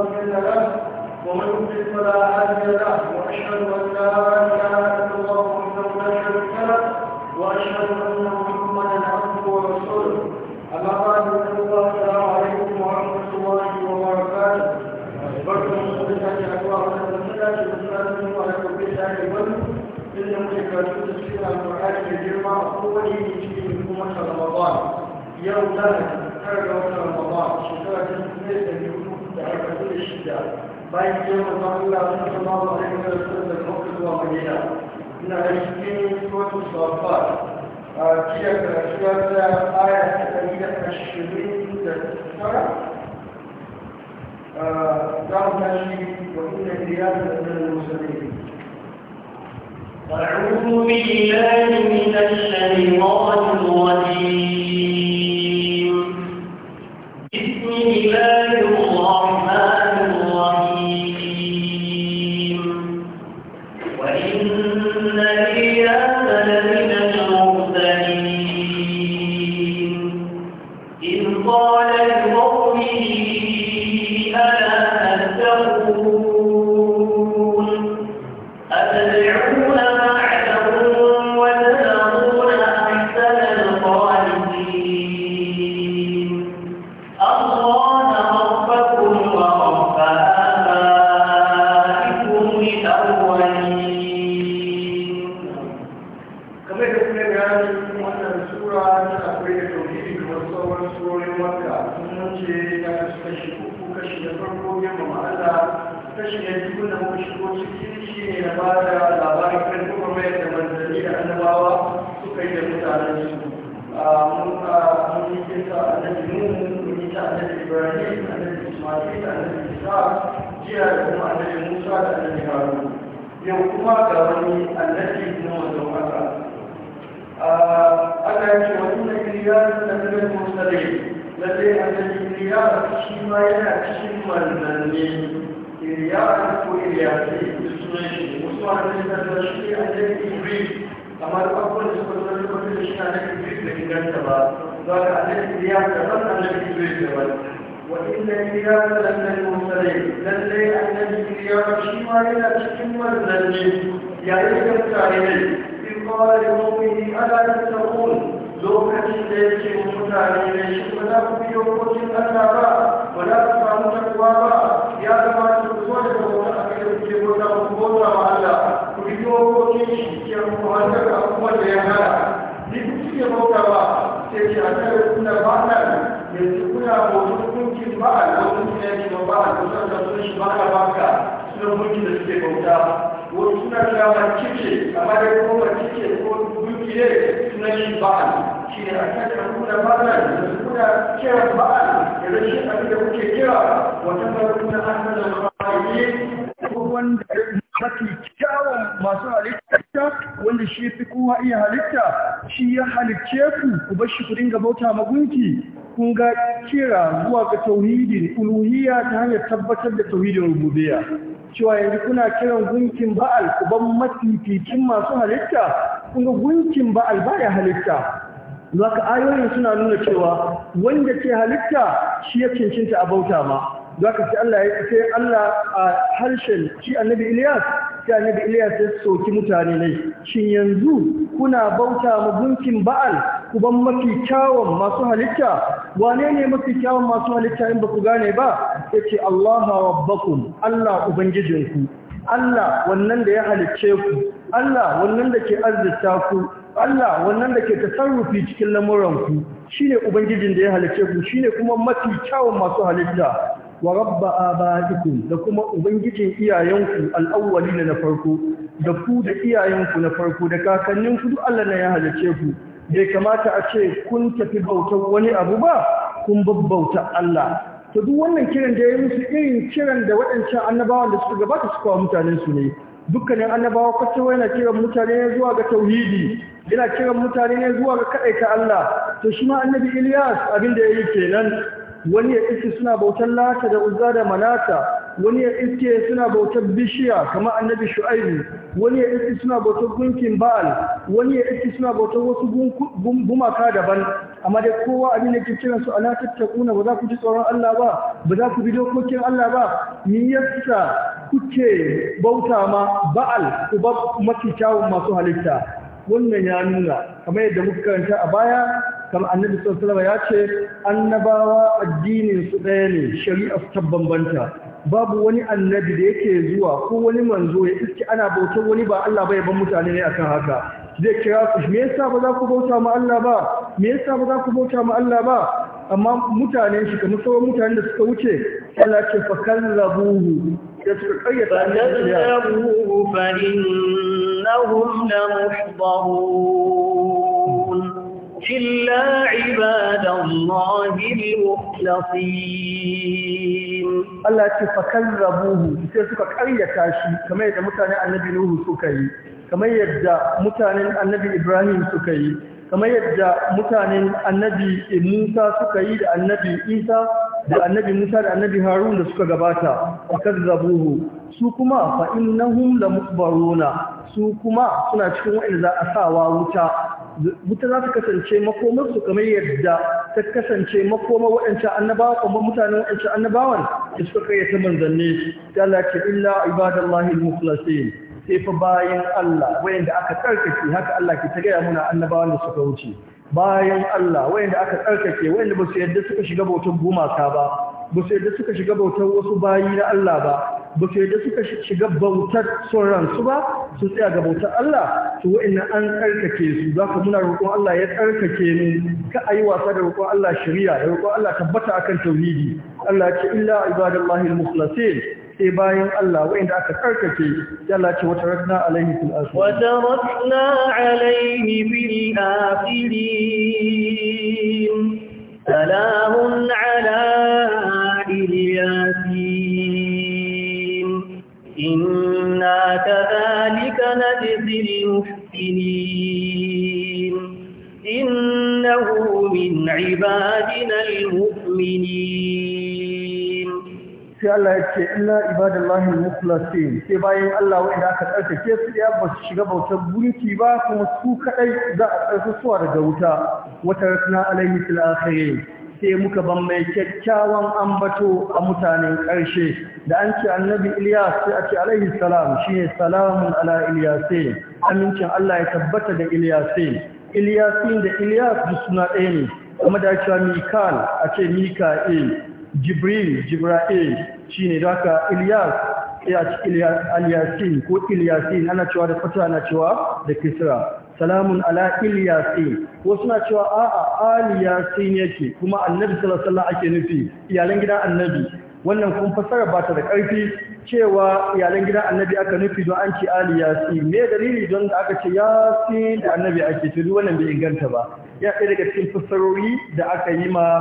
مضل له ومن يضلل فلا هادي له واشهد ان لا اله الا الله وحده لا شريك له واشهد ان محمدا عبده ورسوله اما بعد فاتقوا الله السلام عليكم ورحمه الله وبركاته بركم صدقه اكواب المسلمه المسلمين ولكم بالله والمسلمين إنه يكادون تفسير القرآن الكريم هو يجي من رمضان يوم ذلك كان رمضان شكرا لله da aka fi da shida bayan ce manzon Allah sallallahu alaihi wa sallam da kuma zuwa Madina ina da cikin suratul Safat a cikin karatuwa ta aya ta ɗari da ashirin da tara za mu tashi wa inna riyadu da ɗan musulmi أعوذ بالله من الشيطان الرجيم hadisi na wanda haka Allah ya ce wa inna iliyar da min al-mursalin lalle annabi iliyar shi ma yana cikin manzanni iliyar ko iliyasi sunan shi wasu annabi da shi annabi ibrahim amma da abubuwan da suka zama lokacin da shi annabi ibrahim da inganta ba za ka annabi iliyar da ban annabi ibrahim da ban وإن الكتاب لمن المرسلين لدي أن الكتاب شيما إلى تكمل ذنبه yayin da mutane ne in kawai da mummuni ana da tsakon lokacin da ya yake mutane ne shi ba za ku biyo kocin Allah ba ba za ku samu takwa ba ya kamata ku zo da wata a kai kuke bota ku bota wa Allah ku biyo kocin shi ya ku hanzar kuma da ya hana ni ku cike bota ba sai ki a tare kuna ba nan yanzu kuna bota hukuncin ba a lokacin da yake ba a kusan da sun shi ba a baka sun hukuncin da suke bauta ko suna cewa mace ce amma da kuma mace ko dukiye suna shi ba'al shi ne a kan da kuna ba'al da kuna kira ba'al da rashin abin da kuke kira wata farko na hannun da ma'aikata wanda ya mafi kyawun masu halitta wanda shi fi kowa iya halitta shi ya halicce ku ku bar shi ku dinga bauta magunki kun ga kira zuwa ga tauhidin uluhiyya ta hanyar tabbatar da tauhidin rububiyya cewa yanzu kuna kiran gunkin ba'al ku bar mafificin masu halitta kun ga gunkin ba'al baya halitta zaka ayoyin suna nuna cewa wanda ke halitta shi ya cancanta a bauta ma za ka ce Allah ya ce Allah a harshen shi annabi iliyas sai annabi Ilyas ya soki mutane ne shin yanzu kuna bauta ma gunkin Ba'al ku ban mafi kyawun masu halitta wane ne mafi kyawun masu halitta in ba ku gane ba yace Allah rabbakum Allah ubangijinku Allah wannan da ya halicce ku Allah wannan da ke arzita ku Allah wannan da ke tasarrufi cikin lamuranku shine ubangijin da ya halicce ku shine kuma mafi kyawun masu halitta wa rabba abaikum da kuma ubangijin iyayenku al'awwali na farko da ku da iyayenku na farko da kakannin ku duk Allah ne ya halice ku bai kamata a ce kun tafi bautar wani abu ba kun babbauta Allah to duk wannan kiran da ya musu irin kiran da waɗancan annabawan da suka gabata suka wa mutanen su ne dukkanin annabawa kwacewa yana kiran mutane ne zuwa ga tauhidi yana kiran mutane ne zuwa ga kaɗaita Allah to shi ma annabi Ilyas abin da ya yi kenan wani ya iske suna bautar lata da uzza da manata wani ya iske suna bautar bishiya kamar annabi shu'aibu wani ya iske suna bautar gunkin ba'al wani ya iske suna bautar wasu gumaka daban amma dai kowa abin da ke kiran su ala tattaquna ba za ku ji tsoron Allah ba ba za ku bi dokokin Allah ba ni yasa kuke bauta ma ba'al ku ba mafi kyawun masu halitta wannan ya nuna kamar yadda muka karanta a baya kamar annabi sallallahu ya ce annabawa addinin su ɗaya ne shari'a ta bambanta babu wani annabi da yake zuwa ko wani manzo ya iske ana bautar wani ba Allah ba ya ban mutane ne akan haka zai kira su me yasa ba za ku bauta ma Allah ba me yasa ba za ku bauta ma Allah ba amma mutane shi kamar sauran mutanen da suka wuce Allah ce fa kallabuhu da suka kayyata annabi kallabuhu fa innahum la muhdharun illa ibadallahi al-mukhlasin Allah ce fa kallabuhu sai suka karyata shi kamar yadda mutanen annabi Nuhu suka yi kamar yadda mutanen annabi Ibrahim suka yi kamar yadda mutanen annabi Musa suka yi da annabi Isa da annabi Musa da annabi Harun da suka gabata akazzabuhu su kuma fa innahum lamukbaruna su kuma suna cikin wa'in za a sawa wuta wuta za ta kasance makomar su kamar yadda ta kasance makomar waɗancan annabawa kuma mutanen waɗancan annabawan da suka kai kayyata manzanni ta laki illa ibadallahi al-mukhlasin sai fa bayan Allah wayanda aka tsarkake haka Allah ke ta gaya muna annabawan da suka wuce bayan Allah wayanda aka tsarkake wayanda ba su yadda suka shiga bautar gumaka ba ba su yadda suka shiga bautar wasu bayi na Allah ba ba su yadda suka shiga bautar son ransu ba su tsaya ga bautar Allah to wa'annan an tsarkake su za ka muna roƙon Allah ya tsarkake mu ka ayi wasa da roƙon Allah shari'a da roƙon Allah tabbata akan tauhidi Allah ya ce illa ibadallahi al sai bayan Allah wa'inda aka karkace yalla ce wata rakna alaihi fil akhir wata rakna alaihi fil akhirin salamun ala ilyasin inna kadhalika najzil muhsinin innahu min ibadina al-mu'minin sai Allah ya ce illa ibadallahi mukhlasin sai bayan Allah wanda aka tsarkake su ɗaya ba su shiga bautar gunki ba kuma su kadai za a tsarkake suwa daga wuta wata rasna alaihi fil akhirin sai muka ban mai kyakkyawan ambato a mutanen karshe da an ce annabi Ilyas sai a ce alaihi salam shine salamun ala Ilyasin amincin Allah ya tabbata da Ilyasin Ilyasin da Ilyas suna ɗaya ne kuma da cewa Mikal a ce Mika'il jibril jibra'il ne da aka ilyas Ilyasin ko Ilyasin ana cewa da fata ana cewa da kisra salamun ala Ilyasin ko suna cewa a'a Aliyasin yake kuma annabi salasala ake nufi iyalan gida annabi wannan kun fasara ba ta da ƙarfi cewa iyalan gida annabi aka nufi don an ce aliyasin me dalili don da aka ce Yasin da annabi ake tudu wannan bai inganta ba ya ɗaya daga cikin fassarori da aka yi ma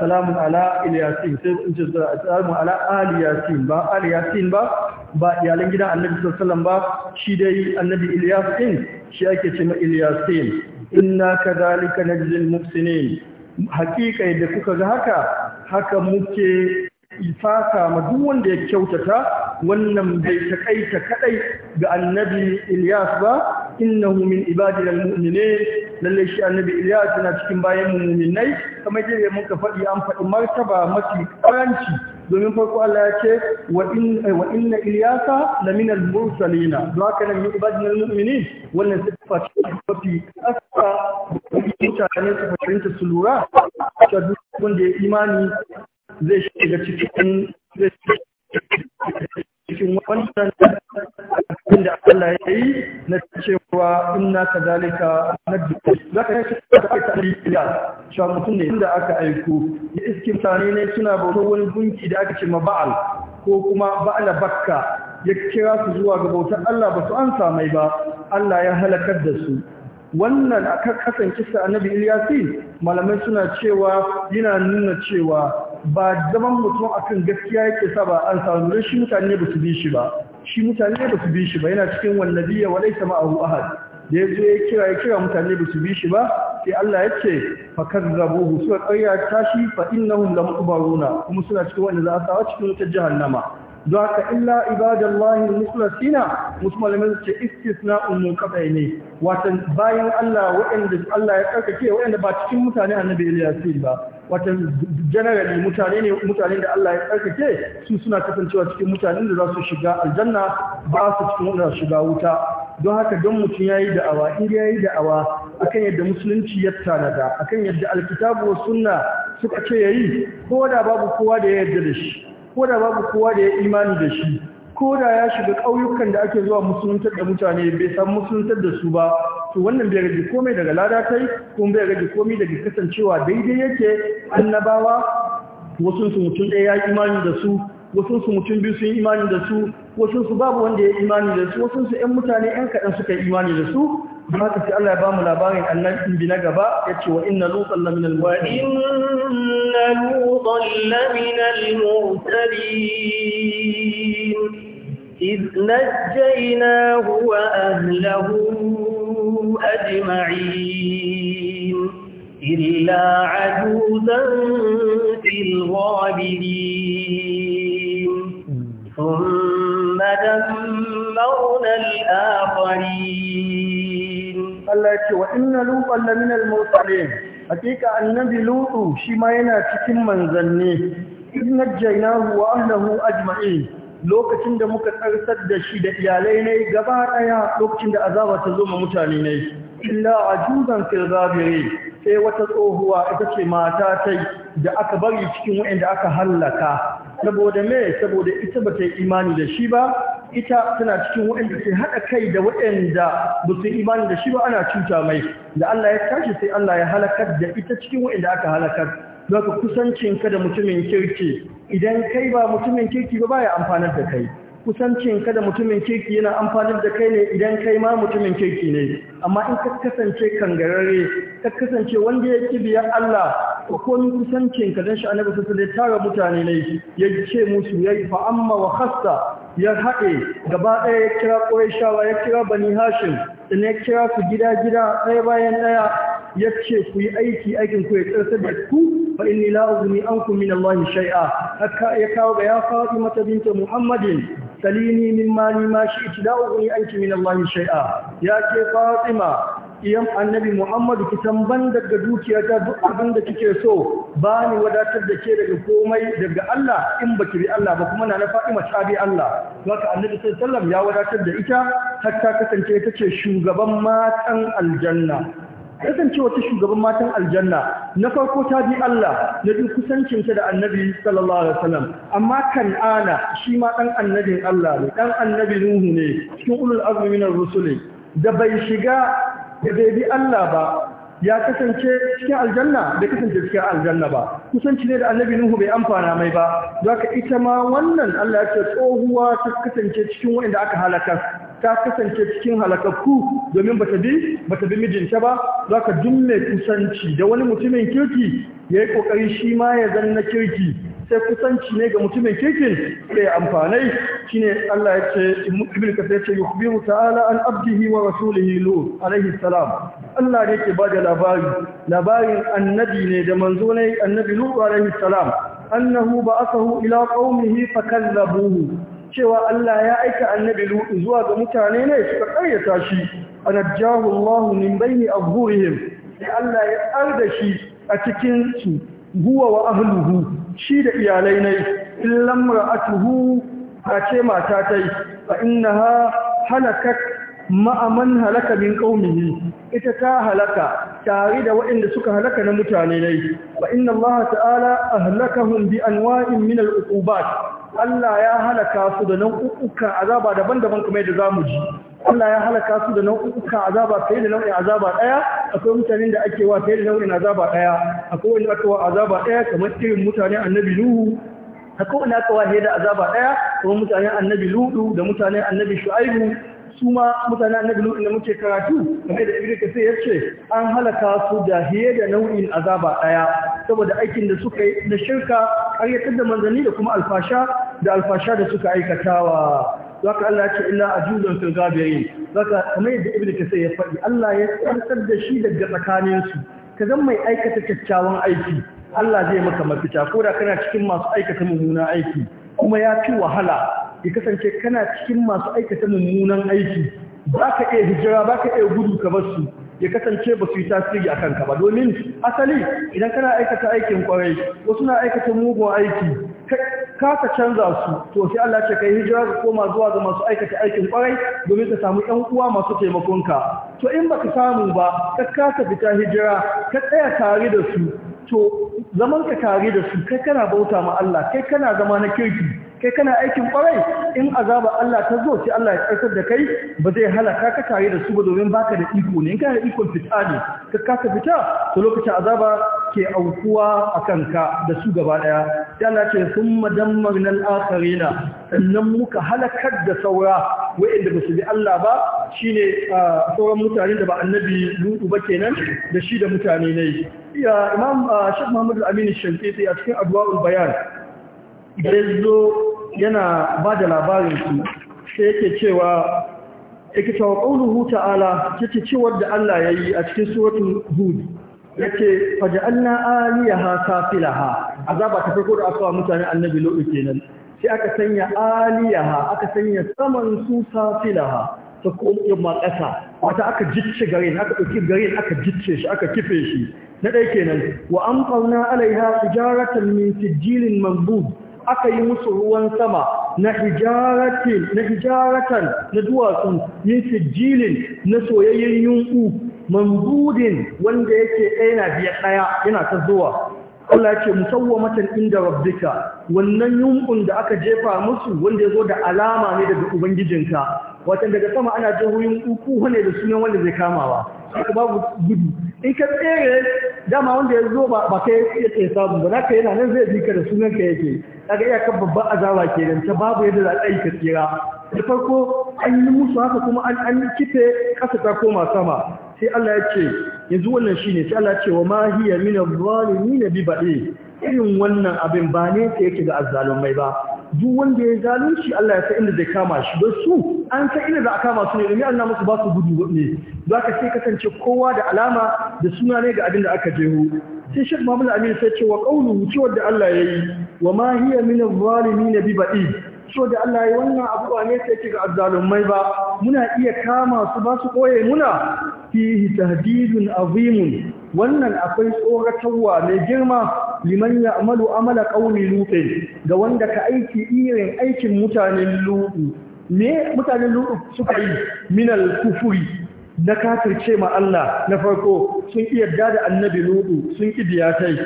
salamun ala iliyasin sai in ce salamun ala aliyasin ba aliyasin ba ba iyalin gidan annabi sallallahu ba shi dai annabi iliyasin shi ake ce ma iliyasin inna kadhalika najzil muhsinin hakika yadda kuka ga haka haka muke ifaka ma duk wanda ya kyautata wannan bai takaita kadai ga annabi Ilyas ba innahu min ibadil mu'minin lalle shi annabi Ilyas yana cikin bayan mu'minai kamar yadda muka faɗi an faɗi martaba mafi karanci domin farko Allah ya ce wa inna Ilyasa la min al-mursalina don haka min ibadil mu'minin wannan sifa ce mafi kasa mutane su fahimta su lura ta duk wanda ya imani zai shiga cikin cikin wannan abin da Allah ya yi na cewa inna ka zalika na duk za ka yi da aka riya cewa mutum ne inda aka aiko ya iskin mutane ne suna bautar wani gunki da aka ce ma ba'al ko kuma ba'ala bakka ya kira su zuwa ga bautar Allah ba su an mai ba Allah ya halakar da su wannan akan kasance sa annabi Ilyasin malamai suna cewa yana nuna cewa ba zaman mutum akan gaskiya yake sa ba an samu don shi mutane ba su bi shi ba shi mutane ba su bi shi ba yana cikin wallabiya wa laysa ma'ahu ahad da ya zo ya kira ya kira mutane ba su bi shi ba sai Allah ya ce fa kazzabuhu suka ƙarya tashi fa innahum lamubaruna kuma suna cikin wanda za a cikin wutar jahannama Do haka illa ibadallahi muslasina musulmin ce istisna'un munqati ne watan bayan Allah waɗanda Allah ya tsarkake waɗanda ba cikin mutane annabi Ilyas ba wata generally mutane ne mutanen da Allah ya tsarkake su suna kasancewa cikin mutanen da za su shiga aljanna ba su cikin wanda shiga wuta don haka don mutum yayi da'awa in yayi da'awa akan yadda musulunci ya tanada akan yadda alkitabu wa sunna suka ce yayi ko da babu kowa da ya yarda da shi ko da babu kowa da ya imani da shi ko da ya shiga ƙauyukan da ake zuwa musuluntar da mutane bai san musuluntar da su ba to wannan bai rage komai daga lada kai kuma bai rage komai daga kasancewa daidai yake annabawa wasu su mutum ɗaya ya imani da su wasu su mutum biyu sun imani da su wasu su babu wanda ya imani da su wasu su ƴan mutane ƴan kaɗan suka yi imani da su don haka sai Allah ya ba mu labarin annan bi na gaba ya ce wa inna lutan la minal mu'tadin inna lutan la minal mu'tadin إذ نجيناه وأهله أجمعين إلا عجوزا في الغابرين ثم دمرنا الآخرين الله يقول إن لوطا لمن المرسلين hakika annabi lutu shi ma yana cikin manzanni in najjaynahu wa ahlihi ajma'in lokacin da muka tsarsar da shi da iyalai ne gaba daya lokacin da azaba ta zo ma mutane ne illa a fil ghabiri sai wata tsohuwa ita ce mata ta da aka bari cikin wanda aka hallaka saboda me saboda ita ba yi imani da shi ba ita tana cikin wanda ke hada kai da wanda ba su imani da shi ba ana cuta mai da Allah ya tashi sai Allah ya halakar da ita cikin wanda aka halakar Zaka kusancinka da mutumin kirki idan kai ba mutumin kirki ba baya amfanar da kai. Kusancinka da mutumin kirki yana amfanar da kai ne idan kai ma mutumin kirki ne. Amma in ka kasance kan kangarare, ka kasance wanda ya kibiya Allah ko komi kusancin ka dan shi annabi sallallahu alaihi tara mutane ne ya ce musu ya fa amma wa khassa ya haɗe gaba ɗaya ya kira Qurayshawa ya kira Bani Hashim da ya kira su gida gida ɗaya bayan ɗaya ya ce ku yi aiki aikin ku ya tsarsa da ku fa inni la uzni ankum min Allah shay'a ya kawo ga ya faɗi mata binta Muhammadin salini min mali ma shi la uzni anki min Allah shay'a ya ce Fatima iyan annabi Muhammadu ki tamban daga dukiyata duk abin da kike so ba ni wadatar da ke daga komai daga Allah in baki bi Allah ba kuma na na Fatima ta bi Allah haka annabi sallallahu alaihi wasallam ya wadatar da ita har ta kasance ta ce shugaban matan aljanna kasancewa ta shugaban matan aljanna na farko ta bi Allah na duk kusancinta da annabi sallallahu alaihi wasallam amma kan'ana shi ma dan annabin Allah ne dan annabi nuhu ne cikin ulul azmi min ar da bai shiga da bai bi Allah ba ya kasance cikin aljanna bai kasance cikin aljanna ba kusanci ne da annabi nuhu bai amfana mai ba zaka ita ma wannan Allah ya ce tsohuwa ta kasance cikin waɗanda aka halaka ta kasance cikin halakakku domin bata bi bata bi mijinta ba zaka ka mai kusanci da wani mutumin kirki yayi kokari shi ma ya zanna kirki sai kusanci ne ga mutumin kirkin sai amfanai ne. Allah ya ce ibn kasai ya ce yukhbiru ta'ala an abdihi wa rasulihi lut alaihi salam Allah ne ke bada labari labarin annabi ne da manzo ne annabi lut alaihi salam annahu hu ila qaumihi fakallabuhu cewa Allah ya aika annabi Lutu zuwa ga mutane ne suka karyata shi anajjahu Allah min bayni azhurihim sai Allah ya da shi a cikin su huwa wa ahluhu shi da iyalai ne illam ra'atuhu ta ce mata tai fa innaha halakat ma'aman halaka min qaumihi ita ta halaka tare da waɗanda suka halaka na mutane ne fa inna Allah ta'ala a ahlakahum bi anwa'in min al-uqubat Allah ya halaka su da nau'ukan azaba daban-daban kuma yadda za mu ji Allah ya halaka su da nau'ukan azaba fiye da nau'in azaba ɗaya. akwai mutanen da ake wa fiye da nau'in azaba ɗaya. akwai wanda ake wa azaba ɗaya kamar irin mutanen annabi Nuhu akwai wani aka wahe da azaba ɗaya kamar mutanen annabi Ludu da mutanen annabi Shu'aibu su ma mutane annabi lutun da muke karatu game da sai ya ce. an halaka su da hiye da nau'in azaba daya saboda aikin da suka yi na shirka ƙaryatar da manzanni da kuma alfasha da alfasha da suka aikatawa zaka Allah ce illa ajuzun fil gabirin zaka kamar yadda ibnu kasir ya faɗi Allah ya tsantsar da shi daga tsakanin su ka zan mai aikata kyakkyawan aiki Allah zai maka mafita ko da kana cikin masu aikata mummuna aiki kuma ya fi wahala ya kasance kana cikin masu aikata mummunan aiki ba ka iya hijira ba ka iya gudu ka basu ya kasance ba su yi tasiri a kanka ba domin asali idan kana aikata aikin kwarai wasu na aikata mugun aiki ka ka canza su to sai Allah ce kai hijira ka koma zuwa ga masu aikata aikin kwarai domin ka samu ɗan uwa masu taimakonka to in baka samu ba ka kasa fita hijira ka tsaya tare da su to zaman ka tare da su kai kana bauta ma Allah kai kana zama na kirki kai kana aikin kwarai in azaba Allah ta zo sai Allah ya tsarkar da kai ba zai halaka ka tare da su ba domin baka da iko ne in kana ikon fita ne ka kasa fita to lokacin azaba ke aukuwa a kanka da su gaba daya sai Allah ce sun madammar nan akharina sannan muka halakar da saura wa'inda ba su bi Allah ba shine sauran mutanen da ba annabi lutu ba kenan da shi da mutane ne ya imam shek muhammad al-amin shankiti a cikin adwaul bayan da yana ba da labarinsu sai yake cewa yake cewa huta ala yake cewar da Allah ya yi a cikin suwatun hud yake faja'alna aliyaha safilaha azaba ta farko da aka mutane annabi lo'u kenan sai aka sanya aliyaha aka sanya saman su ha ta kuma ƙasa wata aka jicce garin aka ɗauki garin aka jicce shi aka kife shi na ɗaya kenan wa an fauna alaiha tijaratan min sijilin mambud aka yi musu ruwan sama na na hijaratan na duwatsun min sijilin na soyayyen yunku mambudin wanda yake ɗaya biya ɗaya yana ta zuwa Allah ce matan inda rabbika wannan yunkun da aka jefa musu wanda ya zo da alama ne daga ubangijinka wata daga sama ana jin ruyin uku ne da sunan wanda zai kamawa ba? babu gudu in ka tsere dama wanda ya zo ba kai ya tsaye sabu ba naka yana nan zai jika da sunan ka yake kaga iya kan babban azaba kenan ta babu yadda za a aika tsira da farko an yi musu haka kuma an an kife kasa ta koma sama sai Allah ya ce yanzu wannan shine sai Allah ya ce wa ma hiya min adh-dhalimin bi ba'i irin wannan abin ba ne sai yake ga azzalumai ba duk wanda ya zalunci Allah ya sa inda zai kama shi don su an sa inda za a kama su ne domin Allah musu ba su gudu ne za ka sai kasance kowa da alama da suna ne ga abin da aka jeho sai shek Muhammad Aminu sai ce wa qawluhu ce wanda Allah ya yi wa ma hiya min adh-dhalimin bi ba'i so da Allah ya wannan abu ba ne sai kiga azzalumai ba muna iya kama su ba su koye muna fihi tahdidun azimun wannan akwai tsoratarwa mai girma liman ya'malu amala qaumi lutu ga wanda ka aiki irin aikin mutanen lutu me mutanen lutu suka yi al kufuri na kafirce ma Allah na farko sun iya da annabi lutu sun kidiya sai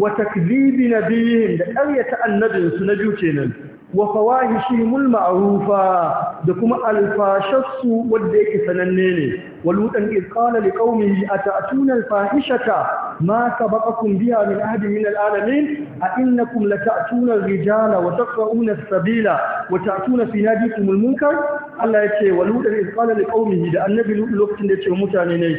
wa takzibi nabiyihim da ƙaryata annabinsu na biyu kenan wa fawahishihimul ma'rufa da kuma alfashassu wanda yake sananne ne walutan iz qala liqaumihi ata'tuna alfahishata ma sabaqakum biha min ahadin min alalamin a innakum lata'tuna alrijala wa taqra'una as-sabila wa ta'tuna fi nadikum almunkar Allah yace walutan iz qala liqaumihi da annabi lokacin da yace mutane ne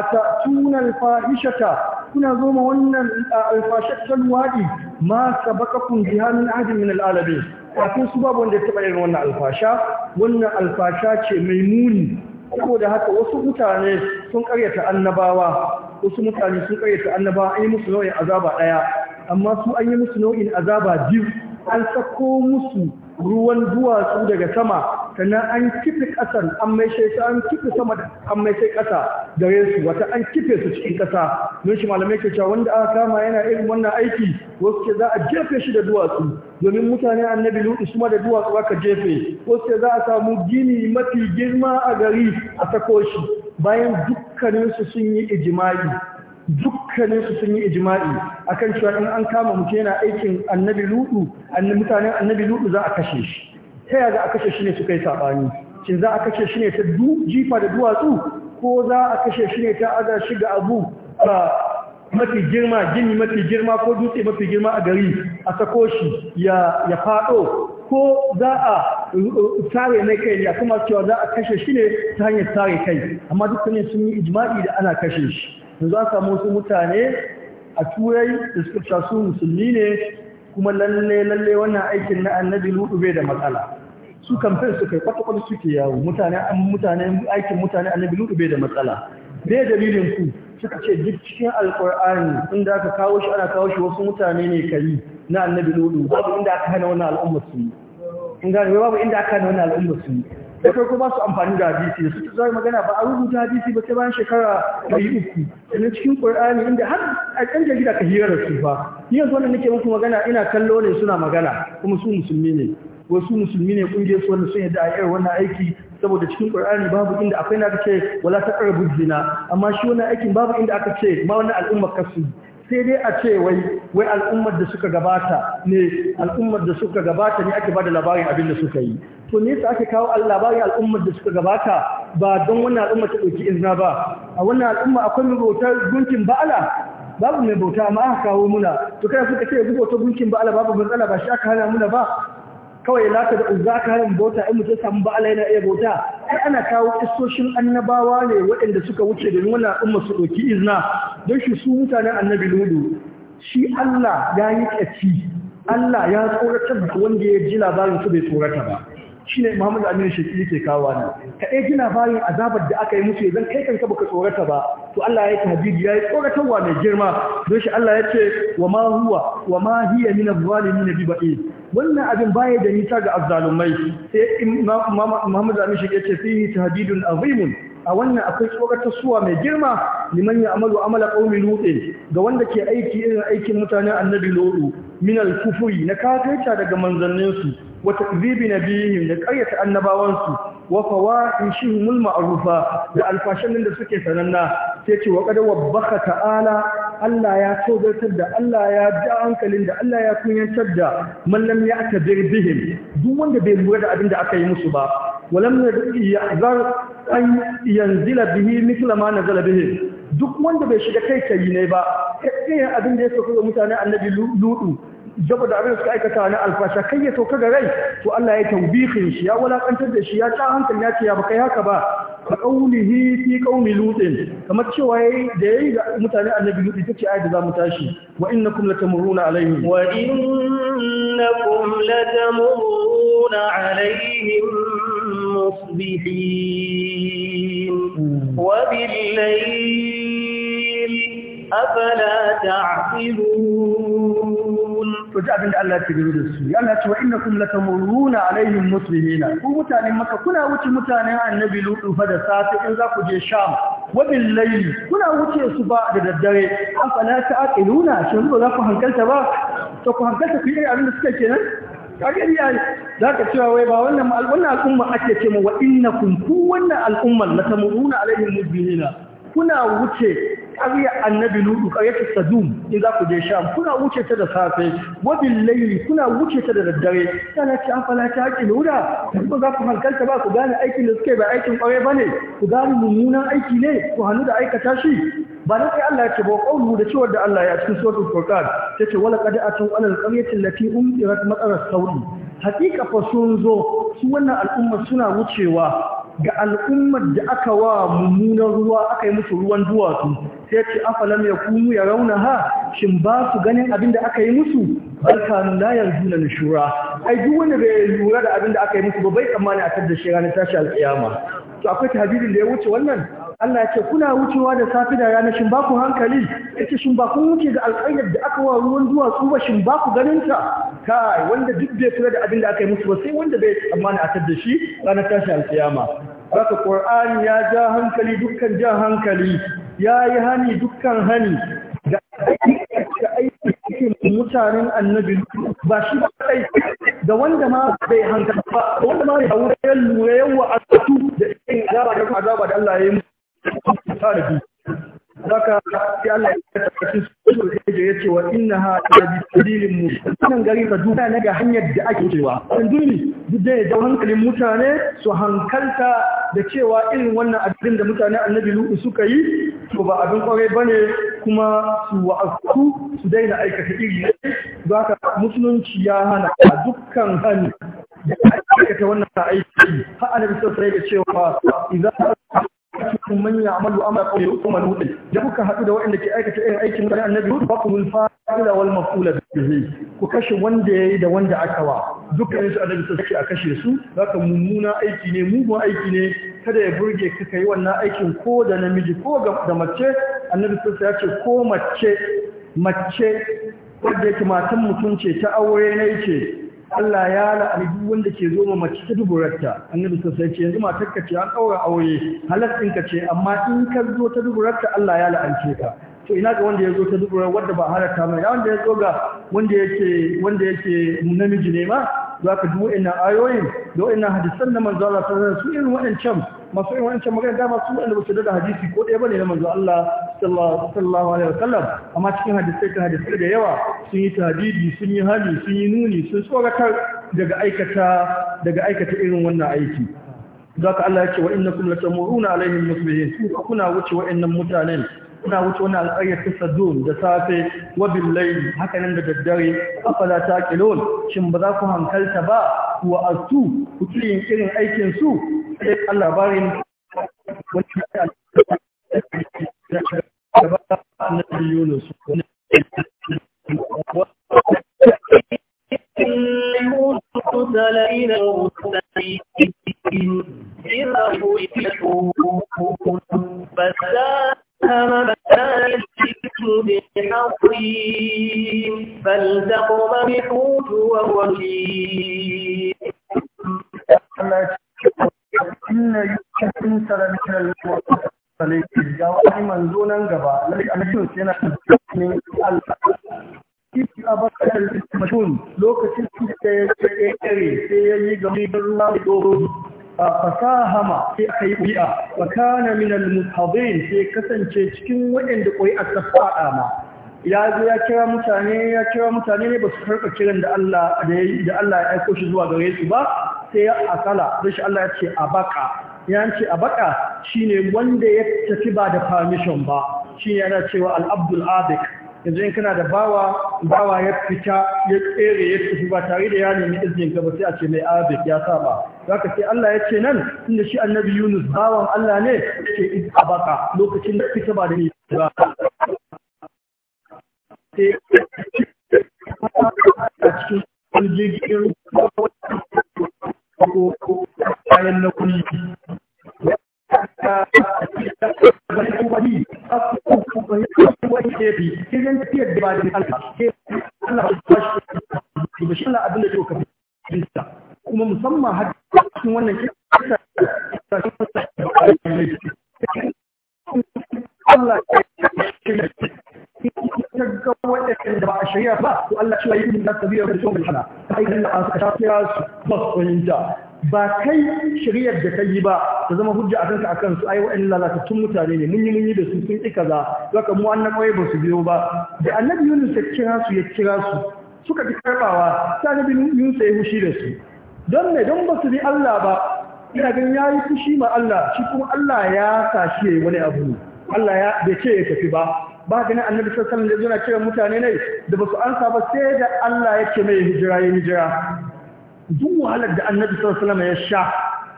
ata'tuna alfahishata kuna zo ma wannan alfashatul wadi ma sabaqakum biha min ahadin min alalamin kafin su babu wanda ya taɓa irin wannan alfasha wannan alfasha ce mai muni ko da haka wasu mutane sun karyata annabawa wasu mutane sun karyata annabawa an yi musu nau'in azaba ɗaya amma su an yi musu nau'in azaba biyu an sako musu ruwan duwatsu daga sama sannan an kife kasan an maishe su an kife sama da an sai ƙasa gare su wata an kife su cikin ƙasa don shi malamai ke cewa wanda aka kama yana irin wannan aiki wasu ke za a jefe shi da duwatsu domin mutane annabi lutu su ma da duwatsu aka jefe wasu ke za a samu gini mafi girma a gari a takoshi bayan dukkaninsu sun yi ijimai dukkanin su sun yi ijima'i. akan cewa in an kama mutum yana aikin annabi ludu mutanen annabi ludu za a kashe shi ta yaya za a kashe shi ne su kai sabani shin za a kashe shi ne ta jifa da duwatsu ko za a kashe shi ne ta aza shi ga abu mafi girma gini mafi girma ko dutse mafi girma a gari a sako shi ya faɗo ko za a uh, tare mai kai ya kuma cewa za a kashe shi ne ta hanyar tare kai amma dukkanin sun yi ijima'i da ana kashe shi yanzu aka musu mutane a turai da suka casu musulmi ne kuma lalle lalle wannan aikin na annabi lutu bai da matsala su kamfen su kai kwata-kwata suke yawo mutane mutane aikin mutane annabi lutu bai da matsala bai dalilin ku suka ce duk cikin alkur'ani inda aka kawo shi ana kawo shi wasu mutane ne kari na annabi lutu babu inda aka hana wannan al'ummar su in gane babu inda aka hana wannan al'ummar su da ko ba su amfani da hadisi da su zai magana ba a rubuta hadisi ba sai bayan shekara ɗari uku na cikin ƙur'ani inda har a ɗan jarida ka hira da su ba ni yanzu wannan nake muku magana ina kallo ne suna magana kuma su musulmi ne wasu musulmi ne ƙungiyar su wanda sun yadda a irin wannan aiki saboda cikin Qur'ani babu inda akwai na ce wala taqrabu zina amma shi wannan aikin babu inda aka ce ma wannan al'umma kasu sai dai a ce wai wai al'ummar da suka gabata ne al'ummar da suka gabata ne ake bada labarin abin da suka yi to ne yasa ake kawo labarin al'ummar da suka gabata ba don wannan al'umma ta dauki izina ba a wannan al'umma akwai mai bauta gunkin ba'ala babu mai bauta amma aka kawo muna to kai suka ce yanzu bauta gunkin ba'ala babu matsala ba shi aka hana muna ba kawai laka da uzza ka hana bauta in mutum samu ba'ala yana iya bauta ai ana kawo kisoshin annabawa ne waɗanda suka wuce da nuna umma su ɗauki izna don shi su mutanen annabi nudu shi Allah ya yi ƙaci Allah ya tsoratar da wanda ya ji labarin su bai tsorata ba shi ne Muhammadu Aminu Shekki ke kawo ne ka ɗaya ji labarin azabar da aka yi musu idan kai kanka baka tsorata ba to Allah ya yi tahdidi ya yi tsoratarwa mai girma don shi Allah ya ce wa ma huwa wa ma hiya min az-zalimin bi ba'id wannan abin baya da nisa ga azzalumai sai Muhammad Amishi ya ce fihi tahdidun azimun a wannan akwai tsoratar suwa mai girma liman ya amalu amala qaumi lutin ga wanda ke aiki irin aikin mutanen annabi lutu min al-kufri na kafirta daga manzannansu wa na biyun da ƙaryata annabawansu wa mulma a marufa da alfashan da suke sananna sai ce wa qad wabbaka ta'ala Allah ya tozartar da Allah ya ja hankalin da Allah ya kunyantar da mallam ya ya'tadir bihim duk wanda bai lura da abin da aka yi musu ba walam ya'zar an yanzila bihi mithla ma nazala bihi duk wanda bai shiga kai kai ne ba kai abin da ya sauka ga mutane annabi ludu da abin da suka aikata na alfasha kai ya sauka ga rai to Allah ya taubihin shi ya walakantar da shi ya ta hankali ya ce ya baka haka ba ka qaulihi fi qaumi lutin kamar cewa yayi da yayi ga mutane annabi lutin tace ayat da za mu tashi wa innakum latamuruna alaihim wa innakum latamuruna alaihim musbihin hmm. wa bil afala ta'qilun to ji abin da Allah ya da su Allah ce wa innakum latamuruna alaihim muslimina ku mutanen maka kuna wuce mutanen annabi lutu fa da safe in za ku je sham wa bil layli kuna wuce su ba da daddare an fala ta'qiluna shin ba za ku hankalta ba to ku hankalta ku yi abin da suka kenan kagari ya za ka cewa wai ba wannan wannan al'umma ake ce mu wa innakum ku wannan al'umma latamuruna alaihim muslimina kuna wuce ƙarya annabi ludu ƙaryar sadum in za ku je sham kuna wuce ta da safe wabin kuna wuce ta da daddare na ce an fala ta haƙi luda ba za ku hankalta ba ku gane aikin da suke ba aikin ƙwarai ba ne ku gane mummunan aiki ne ku hannu da aikata shi ba na sai Allah ya ce ba ƙaunu da cewar da Allah ya cikin suratul furqan ta ce wala qad atun alal qaryatin lati umtirat matsarar sauri hakika fa sun zo su wannan al'umma suna wucewa ga al'ummar da aka wa mummunan ruwa aka yi musu ruwan duwatsu sai ce afalam ya kunu ya rauna ha shin ba su ganin abin da aka yi musu alkanu na yanzu na nishura ai duk wanda bai lura da abin da aka yi musu ba bai tsammani a tar da shi ranar tashi alƙiyama to akwai tahajjudin da ya wuce wannan Allah ce kuna wucewa da safi da rana shin ba hankali yace shin ba kun wuce ga alƙaryar da aka wa ruwan duwatsu ba shin ba ganin ta kai wanda duk bai kula da abin da aka yi musu ba sai wanda bai tsammani a tar shi ranar tashi alƙiyama haka Qur'ani ya ja hankali dukkan ja hankali ya yi hani dukkan hani da cikin mutanen annabi ba shi ba aiki da wanda ma bai hankali ba wanda ma ya wuri ya lura yawa a da irin azaba da Allah ya yi mutu baka sai Allah ya tafi su da yace wa innaha bi mu. nan gari ka duka na ga hanyar da ake cewa dan duni duk da hankalin mutane su hankalta da cewa irin wannan addinin da mutane annabi Lu'u suka yi to ba abin kwarai bane kuma su wa'azu su daina aikata iri zaka musulunci ya hana dukkan hani da aikata wannan aiki har annabi sai ya cewa idza minkum man ya'malu amra qawmin lut da kuka haɗu da wanda ke aikata irin aikin da annabi lut faqul fa'ila wal maf'ula bihi ku kashe wanda yayi da wanda aka wa dukkan su annabi sai a kashe su zaka mummuna aiki ne mugun aiki ne kada ya burge ka kai wannan aikin ko da namiji ko da mace annabi sai ya ce ko mace mace wadda yake matan mutum ta aure ne ce Allah ya la'ani duk wanda ke zo ma mace ta duburarta annabi sai ce yanzu matar ka ce an daura aure halal ɗinka ce amma in ka zo ta duburarta Allah ya la'ance ka to ina ga wanda ya zo ta dubura wanda ba halatta mai wanda ya zo ga wanda yake wanda yake namiji ne ma za ka dubu ina ayoyin da ina hadisan na manzo Allah sallallahu alaihi wasallam su irin wa'ancan masu irin wa'ancan magana dama su wanda ba su da hadisi ko ɗaya bane na manzo Allah sallallahu alaihi wasallam amma cikin hadisai ta hadisai da yawa sun yi tadidi sun yi hali sun yi nuni sun tsoratar daga aikata daga aikata irin wannan aiki zaka Allah yake ce wa innakum latamuruna alaihim musbihin kuna wuce wa'annan mutanen kuna wuce wannan alƙayyar ta sadun da safe wa billahi haka nan da daddare afala taqilun shin ba za ku hankalta ba wa astu ku yin irin aikin su sai Allah barin wani Yunus أرسل إلى المرسلين إذا بحقيم فالتقم بحوت وهو إن يمكن ترى من المرسلين ga wani manzo nan gaba lalle annabin yana cikin Allah kifi a bakar mashun lokacin da ya kere sai ya yi fasahama sai aka yi ƙuri'a wa kana min al-mutabin sai kasance cikin waɗanda ƙuri'a ta faɗa ma ya zo ya kira mutane ya kira mutane ne ba su karɓa kiran da Allah da ya aiko shi zuwa gare su ba sai ya akala dashi Allah ya ce a baka ya ce a baka shine wanda ya tafi ba da permission ba shine yana cewa al-abdul abik yanzu in kana da bawa bawa ya fita ya tsere ya tafi ba tare da ya nemi izinin ka ba sai a ce mai abu ya saba zaka ce Allah ya ce nan inda shi annabi Yunus bawan Allah ne ke in abaka lokacin da fita ba da ni ba sai a cikin jirgin ko kayan na kuli ya ta ta ta ta akwai kuma da ba ba abin da ke kafa kinsa kuma musamman har cikin wannan kinsa ta shi Allah da ba a shari'a ba to Allah shi ya yi da da Allah su ba ba kai shari'ar da kai ba ta zama hujja a kanka akan su ai wa'in lalatattun mutane ne mun yi mun yi da su sun ika kaza zaka mu annan ƙauye ba su biyo ba da annabi Yunus ya kira su ya kira su suka fi karbawa sai annabi Yunus ya hushi da su don me don ba su bi Allah ba ina ganin yayi fushi ma Allah shi kuma Allah ya sashi yayi wani abu Allah ya bai ce ya tafi ba ba ganin annabi sallallahu alaihi wasallam yana kira mutane ne da basu ansa ba sai da Allah yake mai hijira ya hijira duk wahalar da annabi sallallahu alaihi wasallam ya sha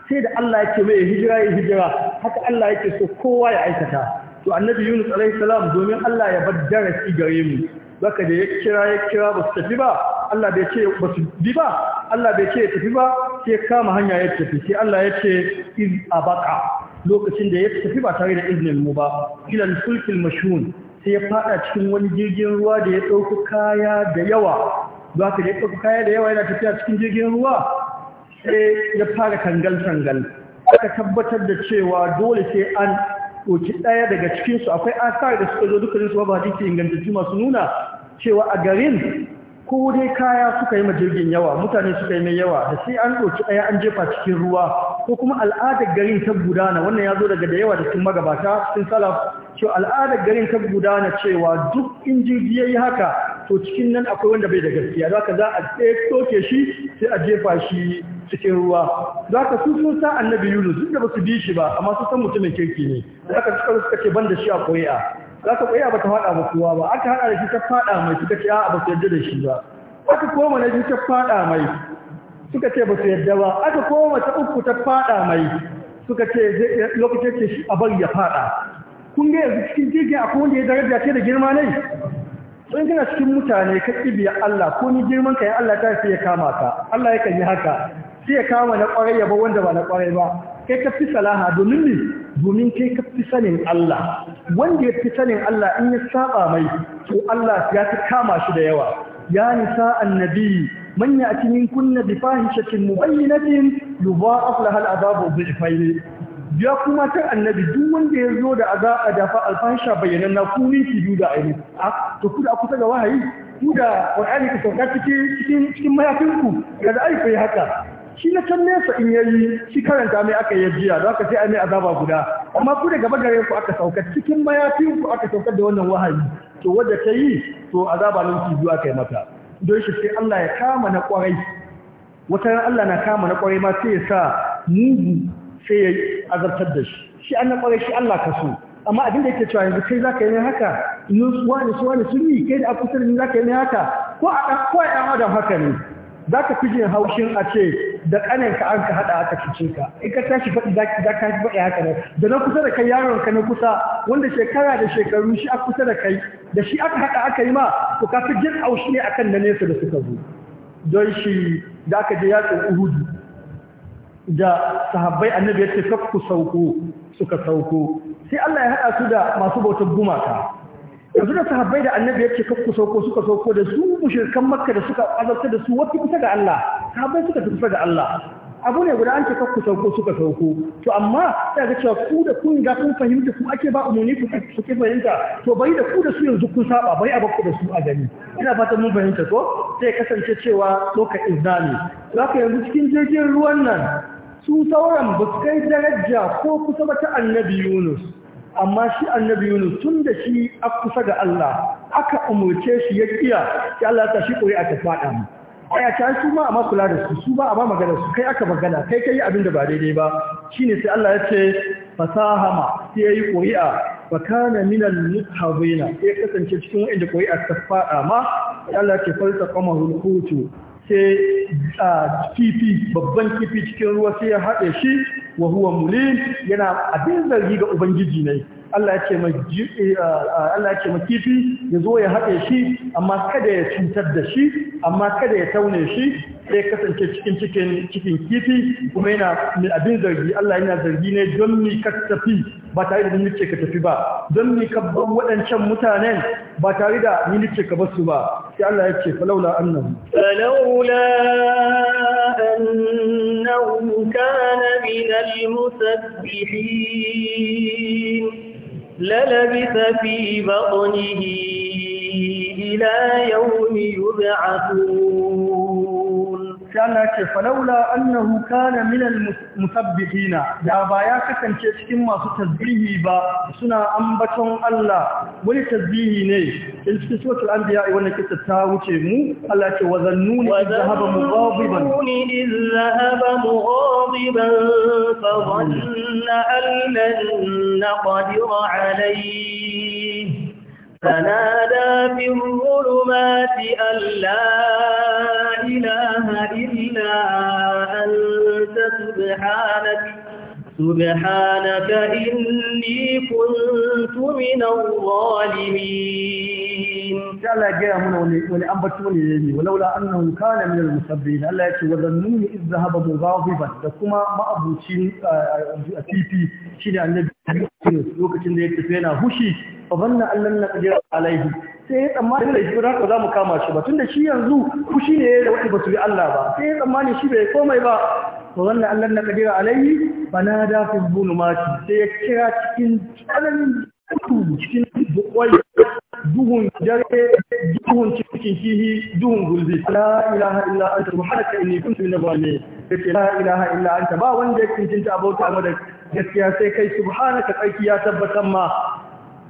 sai da Allah yake mai hijira ya hijira haka Allah yake so kowa ya aikata to annabi Yunus alaihi salam domin Allah ya bar darasi gare mu zaka da ya kira ya kira ba su tafi ba Allah bai ce ba su bi ba Allah bai ce ya tafi ba sai kama hanya ya tafi sai Allah ya ce iz abaka lokacin da ya tafi ba tare da izinin mu ba ilal fulkil mashhun sai ya fada cikin wani jirgin ruwa da ya ɗauki kaya da yawa ba ka da ya ɗauki kaya da yawa yana tafiya cikin jirgin ruwa sai ya fara tangal-tangal aka tabbatar da cewa dole sai an ɗauki ɗaya daga cikinsu akwai asar da suka zo duka su ba inganta ingantattu masu nuna cewa a garin ko dai kaya suka yi ma jirgin yawa mutane suka yi mai yawa da sai an ɗauki ɗaya an jefa cikin ruwa ko kuma al'adar garin ta gudana wannan ya zo daga da yawa da sun magabata sun salaf cewa al'adar garin ta gudana cewa duk in jirgi ya yi haka to cikin nan akwai wanda bai da gaskiya za ka za a ɗaya shi sai a jefa shi cikin ruwa za ka su sun sa annabi yunus duk da ba su bi shi ba amma su san mutumin kirki ne za ka suka suka ce ban da shi a koya za ka koya ba ta faɗa ba kowa ba aka haɗa da shi ta faɗa mai suka ce a ba su yarda da shi ba aka koma na shi ta faɗa mai suka ce ba su yadda ba aka koma ta uku ta fada mai suka ce lokacin ce shi a bari ya fada kun ga yanzu cikin jirgin a wanda ya daraja ce da girma ne Sun gina cikin mutane ka kibiya Allah ko ni girman ka ya Allah ta fiye ya kama ka Allah ya kan yi haka sai ya kama na kwarai ya ba wanda ba na kwarai ba kai ka fi salaha domin ne domin kai ka fi sanin Allah wanda ya fi sanin Allah in ya saba mai to Allah ya ta kama shi da yawa ya nisa annabi من يأتي منكن بفاحشة مبينة يضاعف لها العذاب ضعفين ya kuma ta annabi duk wanda ya zo da aza a dafa alfahisha bayyana na ku ki biyu da aini a to ku da kusa ga wahayi ku da qur'ani ka sauka cikin cikin cikin ku kada ai ku yi haka shi na can nesa in yayi shi karanta mai aka yi jiya za ka sai ai mai azaba guda amma ku da gaba gare ku aka sauka cikin mayafin ku aka sauka da wannan wahayi to wanda ta yi to azaba nan ki biyu aka yi mata don shi sai Allah ya kama na kwarai wata ran Allah na kama na kwarai ma sai ya sa mugu sai ya azartar da shi shi an na kwarai shi Allah ka so amma abin da yake cewa yanzu kai ka yi haka in su wani su wani sun yi kai da aka za ka yi haka ko a ko a adam haka ne za ka fi jin haushin a ce da ƙaninka an ka haɗa aka cuce ka in ka tashi faɗi za ka tashi faɗi haka nan da na kusa da kai yaron ka na kusa wanda shekara da shekaru shi a kusa da kai da shi aka haɗa aka yi ma to ka fi jin haushi ne akan na nesa da suka zo don shi da aka je yatsun uhudu da sahabbai annabi ya ce kakku sauko suka sauko sai Allah ya haɗa su da masu bautar gumaka yanzu da sahabbai da annabi yake ce kakku sauko suka sauko da su mushirkan makka da suka azabta da su wata kusa ga Allah sahabbai suka fi kusa ga Allah abu ne guda an ce kakku sauko suka sauko to amma sai ga cewa ku da kun ga kun fahimta ku ake ba umuni ku ku ke fahimta to bai da ku da su yanzu kun saba bai a bakku da su a gani ina fata mun fahimta ko sai kasance cewa doka izami zaka yanzu cikin jirgin ruwan nan su sauran ba su kai daraja ko kusa ba ta annabi Yunus amma shi annabi yunus tun da shi a kusa ga Allah aka umurce shi ya kiya sai Allah ta shi koyi a ta fada mu aya ta su ma amma kula da su su ba amma magana su kai aka magana kai kai abin da ba daidai ba shine sai Allah ya ce fasahama sai yayi kuri'a fa kana al-muthawina sai kasance cikin wanda kuri'a ta fada ma Allah ya ce falsa qamarul hutu sai a kifi babban kifi cikin ruwa sai ya haɗe shi wa huwa mulim yana abin zargi ga ubangiji ne Allah ya ce ma eh, Allah ya ce ma kifi ya zo ya haɗe shi amma kada ya cutar da shi amma kada ya taune shi sai kasance cikin cikin cikin kifi kuma yana mai abin zargi Allah yana zargi ne don mi ka tafi ba tare da ni nice ka tafi ba don mi ka bar waɗancan mutanen ba tare da ni nice ka basu ba sai Allah ya ce falaula annahu falaula annahu kana min al-musabbihin lalabitha fi batnihi ila yawmi yub'athun sai ce falaula annahu kana minal musabbihina da ba ya kasance cikin masu tasbihi ba suna ambaton Allah wani tasbihi ne in cikin suratul anbiya wannan kissa ta wuce mu Allah ce wazannuni izhaba mughadiban izhaba mughadiban fa dhanna an lan naqdir alayhi فنادى في الظلمات أن لا إله إلا أنت سبحانك سبحانك إني كنت من الظالمين تعالى جاء هنا ولأنبتوني يلي ولولا أنه كان من المسبين ألا يتي وظنون إذ ذهب مغاضبا لكما ما أبو تيبي شيني النبي لوكتين ديكتفينا هشي fa banna allan na kajira alaihi sai ya tsammani da shi ba za mu kama shi ba tunda shi yanzu fushi ne da wani ba su bi Allah ba sai ya tsammani shi bai komai ba fa banna allan na kajira alaihi banada fi zulumati sai ya kira cikin tsananin cikin bukwai duhun dare duhun cikin kihi duhun gulbi la ilaha illa anta subhanaka inni kuntu min adh-dhalimin kace la ilaha illa anta ba wanda ya kintinta abota amma da gaskiya sai kai subhanaka tsarki ya tabbatar ma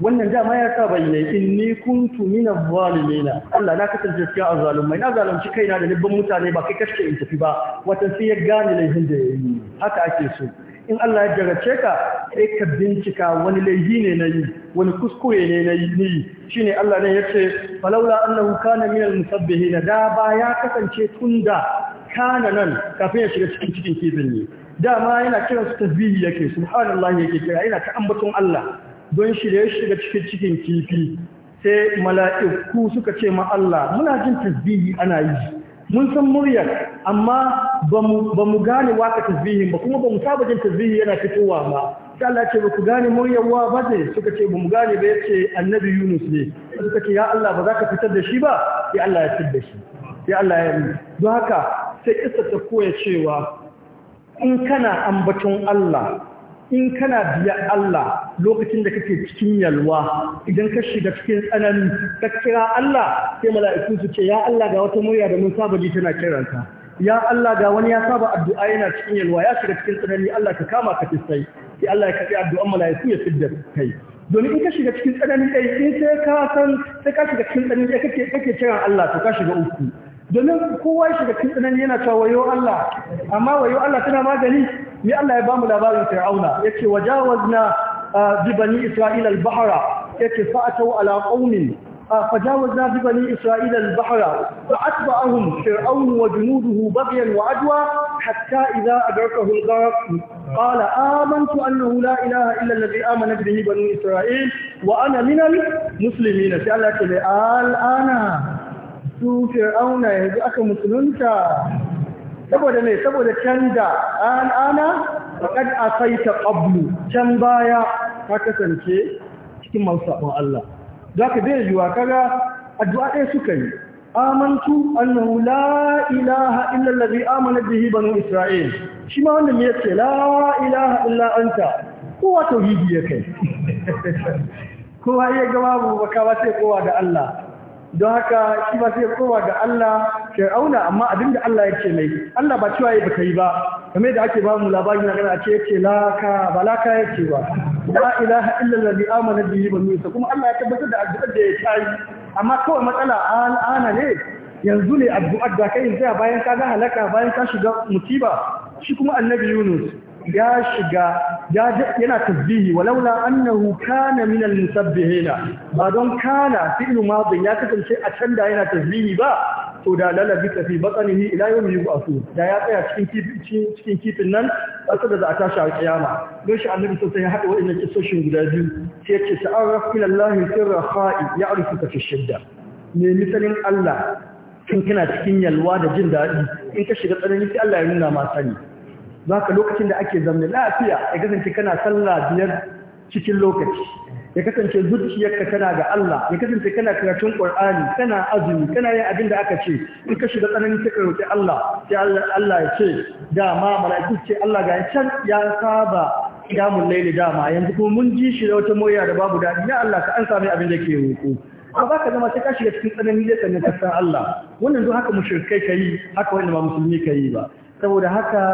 wannan dama ya sa bai In ni kuntu min az zalimin Allah na kasance cikin azzalumai na zalunci kaina da libban mutane ba kai kashe in tafi ba wata sai ya gane laifin da yayi haka ake so in Allah ya jarace ka sai ka bincika wani laifi ne nayi wani kuskure ne nayi ni shine Allah ne yace falawla annahu kana min al-musabbihin da ba ya kasance tunda kana nan kafin ya shiga cikin cikin kifin ne dama yana su tasbihi yake subhanallahi yake kira yana ta ambaton Allah don shirye shiga cikin cikin kifi sai mala'iku suka ce ma Allah muna jin tasbihi ana yi mun san muryar amma ba mu gane waka tasbihin ba kuma ba mu saba jin tasbihi yana fitowa ba sai Allah ce ba ku gane muryar wa ba ce suka ce ba mu gane ba yace annabi Yunus ne suka ce ya Allah ba za ka fitar da shi ba ya Allah ya fitar da shi ya Allah ya yi don haka sai kissa ta koya cewa in kana ambaton Allah in kana biya Allah lokacin da kake cikin yalwa idan ka shiga cikin tsanani ka kira Allah sai mala'iku su ce ya Allah ga wata murya da mun saba ji tana kiranta ya Allah ga wani ya saba addu'a yana cikin yalwa ya shiga cikin tsanani Allah ka kama ka tisai sai Allah ya kafi addu'an mala'iku ya fidda kai domin in ka shiga cikin tsanani ɗaya eh, in sai ka san sai ka shiga cikin tsanani kake kake kiran Allah to ka shiga uku domin kowa shi da tsananin yana cewa wayo Allah amma wayo Allah tana magani ne Allah ya bamu labarin Fir'auna yake wajawazna bi bani Isra'ila al-bahra yake fa'atu ala qaumin fajawazna bi bani Isra'ila al-bahra wa atba'ahum Fir'aun wa junuduhu baghyan wa adwa hatta idha adrakahu al-gharq qala amantu annahu la ilaha illa alladhi amana bihi bani Isra'il wa ana min al-muslimin sai Allah ya ce al'ana su fir'auna yanzu aka musulunta saboda mai saboda canza an ana kad asaita qablu can baya ka kasance cikin masu Allah zaka bai yiwa kaga addu'a ɗaya suka yi amantu annahu la ilaha illa allazi amana bihi banu isra'il shi ma wanda ne ce la ilaha illa anta kowa tauhidi kai kowa ya ga babu baka ba sai kowa da Allah don haka shi ba sai kowa ga Allah Fir'auna amma abinda Allah yake mai Allah ba cewa baka kai ba kamar da ake ba mu labarin nan a ce yake laka ba laka yake ba la ilaha illa allazi amana bihi wa nusa kuma Allah ya tabbatar da addu'ar da ya tayi amma kowa matsala al'ana ne yanzu ne addu'ar da kai sai bayan ka ga halaka bayan ka shiga musiba shi kuma annabi Yunus ya shiga yana tasbihi walaula annahu kana min al-musabbihina ba don kana fi'lu madin ya kasance a can da yana tasbihi ba to da lalabi bi tafi batsanihi ila yawm yub'athu da ya tsaya cikin cikin kifin nan sai da a tashi a kiyama don shi annabi sai ya hada wa'annan kisoshin guda biyu sai ya ce sa'araf ila Allah sirra kha'i ya'rifuka fi shidda ne misalin Allah kin kina cikin yalwa da jin daɗi in ka shiga tsanani sai Allah ya nuna ma sani za ka lokacin da ake zamne lafiya ya kasance kana sallah biyar cikin lokaci ya kasance zuciyarka tana ga Allah ya kasance kana karatun Qur'ani kana azumi kana yin abin da aka ce in ka shiga tsanani ta roki Allah sai Allah ya ce dama mala'iku ce Allah ga can ya saba mun laili dama yanzu kuma mun ji shi da wata moya da babu dadi ya Allah ka an sami abin da ke roƙo ba za ka zama sai ka shiga cikin tsanani da sannan ka Allah wannan zo haka mushrikai kai haka wanda ba musulmi kai ba saboda haka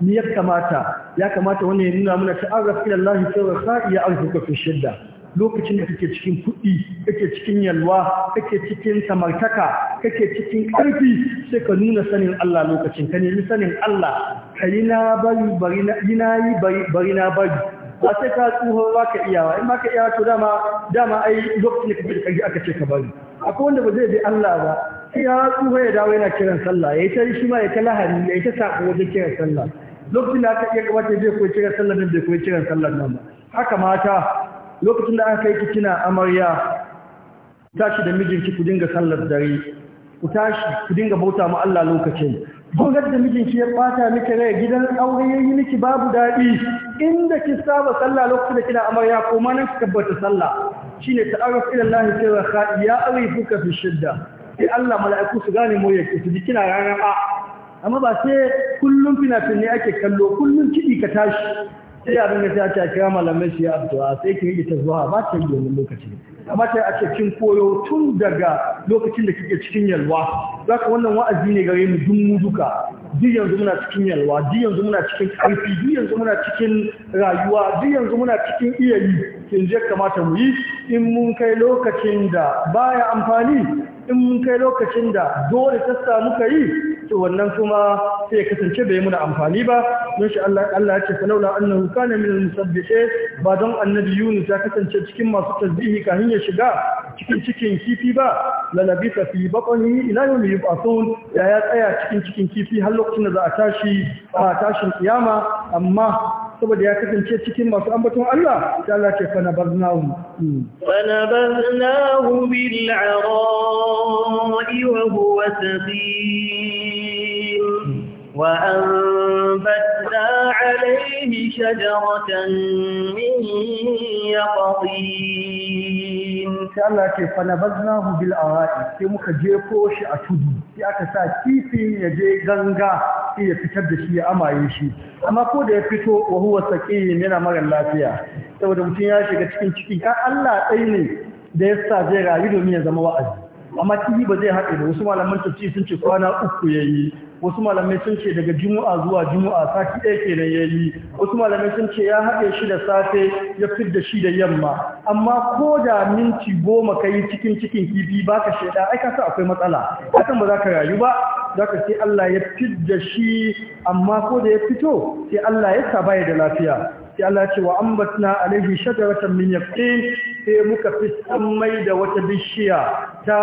ni ya kamata ya kamata wanda ya nuna mana ta'arraf ila Allah fi rasa'i ya'rifuka fi shidda lokacin da kake cikin kuɗi kake cikin yalwa kake cikin samartaka kake cikin ƙarfi sai ka nuna sanin Allah lokacin ka nemi sanin Allah ka yi na bari bari na yi na yi bari na bari ba sai ka tsoho ba ka iyawa in ba ka iyawa to dama dama ai lokacin da kake da ƙarfi aka ce ka bari akwai wanda ba zai bi Allah ba sai ya tsoho ya dawo yana kiran sallah ya yi ta shi ma ya ta lahani ya ta sako wajen kiran sallah lokacin da aka iya gabata zai koyi kiran sallar nan bai koyi kiran sallar nan haka mata lokacin da aka kai ki kina amarya tashi da mijinki ku dinga sallar dare ku tashi ku dinga bauta ma Allah lokacin kun ga da mijinki ya bata miki rai gidan aure yayi miki babu dadi inda ki saba sallah lokacin da kina amarya ko ma nan ki tabbata sallah shine ta'aruf ila Allah sai wa kha ya arifuka fi shidda sai Allah mala'iku su gane mu su ji kina rana ba amma ba sai kullum fina-finai ake kallo kullum kiɗi ka tashi sai abin da ta kira malamai shi abdu'a sai ki yi ta zuwa ba ta yi wannan lokaci amma ta ake cin koyo tun daga lokacin da kike cikin yalwa zaka wannan wa'azi ne gare mu dun mu duka duk yanzu muna cikin yalwa duk yanzu muna cikin karfi duk yanzu muna cikin rayuwa duk yanzu muna cikin iyayi kin je kamata mu yi in mun kai lokacin da baya amfani in mun kai lokacin da dole ta samu ka yi to wannan kuma sai kasance bai muna amfani ba don shi Allah Allah ya ce falaula annahu kana min al-musabbihin ba don annabi Yunus ya kasance cikin masu tasbihi ka ya shiga cikin cikin kifi ba la labisa fi batnihi ila yawm yub'athun ya ya tsaya cikin cikin kifi har lokacin da za a tashi a tashin kiyama amma saboda ya kasance cikin masu ambaton Allah ta Allah ce fa nabaznahu fa nabaznahu bil wa huwa saqim wa anbatna alayhi shajaratan min yaqtin in sai Allah ce fa nabaznahu bil awai sai muka jefo shi a tudu sai aka sa kifi ya je ganga sai ya fitar da shi ya amaye shi amma ko da ya fito wa huwa saqim yana mara lafiya saboda mutum ya shiga cikin ciki ka Allah dai ne da ya sa zai rayu domin ya zama wa'azi amma kifi ba zai haɗe da wasu malaman tafsiri sun ce kwana uku yayi wasu malamai sun ce daga juma'a zuwa juma'a sati ɗaya ke nan yayi wasu malamai sun ce ya haɗe shi da safe ya fi da shi da yamma amma ko da minti goma ka yi cikin cikin kifi ba ka shaida ai ka sa akwai matsala hakan ba za ka rayu ba za ka sai Allah ya fi da shi amma ko da ya fito sai Allah ya sa ya da lafiya sai Allah ya ce wa ambatna alaihi shajaratan min yaqin sai muka fi sammai da wata bishiya ta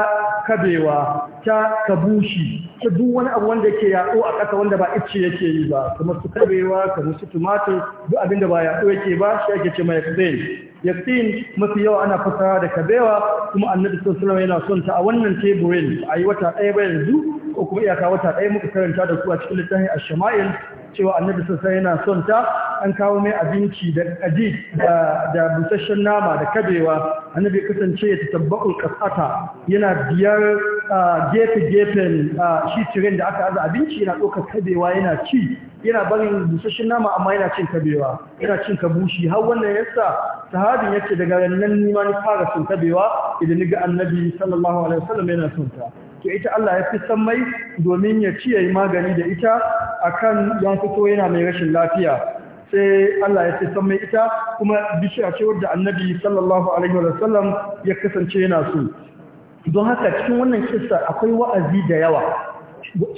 kabewa ta kabushi ta duk wani abu wanda yake yaɗo a ƙasa wanda ba icce yake yi ba kamar su kabewa kamar su tumatir duk abin da ba yaɗo yake ba shi ake ce mai yaksin yaƙin mafi yawa ana fasara da kabewa kuma annabi sallallahu alaihi yana son ta a wannan teburin a yi wata ɗaya ba yanzu ko kuma iyaka wata ɗaya muka karanta da ku a cikin littafin ash-shama'il cewa annabi sassa yana son ta an kawo mai abinci da kaji da busasshen nama da kabewa annabi kasance ya tabbakul kasata yana biyar gefe-gefen shi tirin da aka aza abinci yana ɗaukar kabewa yana ci yana barin busasshen nama amma yana cin kabewa yana cin kabushi har wannan yasa sahabin yake daga nan nima ni fara son kabewa idan ni ga annabi sallallahu alaihi wasallam yana son to ita Allah ya fi san mai domin ya ci yayi magani da ita akan yan fito yana mai rashin lafiya sai Allah ya fi san mai ita kuma bishiya ce wadda annabi sallallahu alaihi wa sallam ya kasance yana so don haka cikin wannan kissa akwai wa'azi da yawa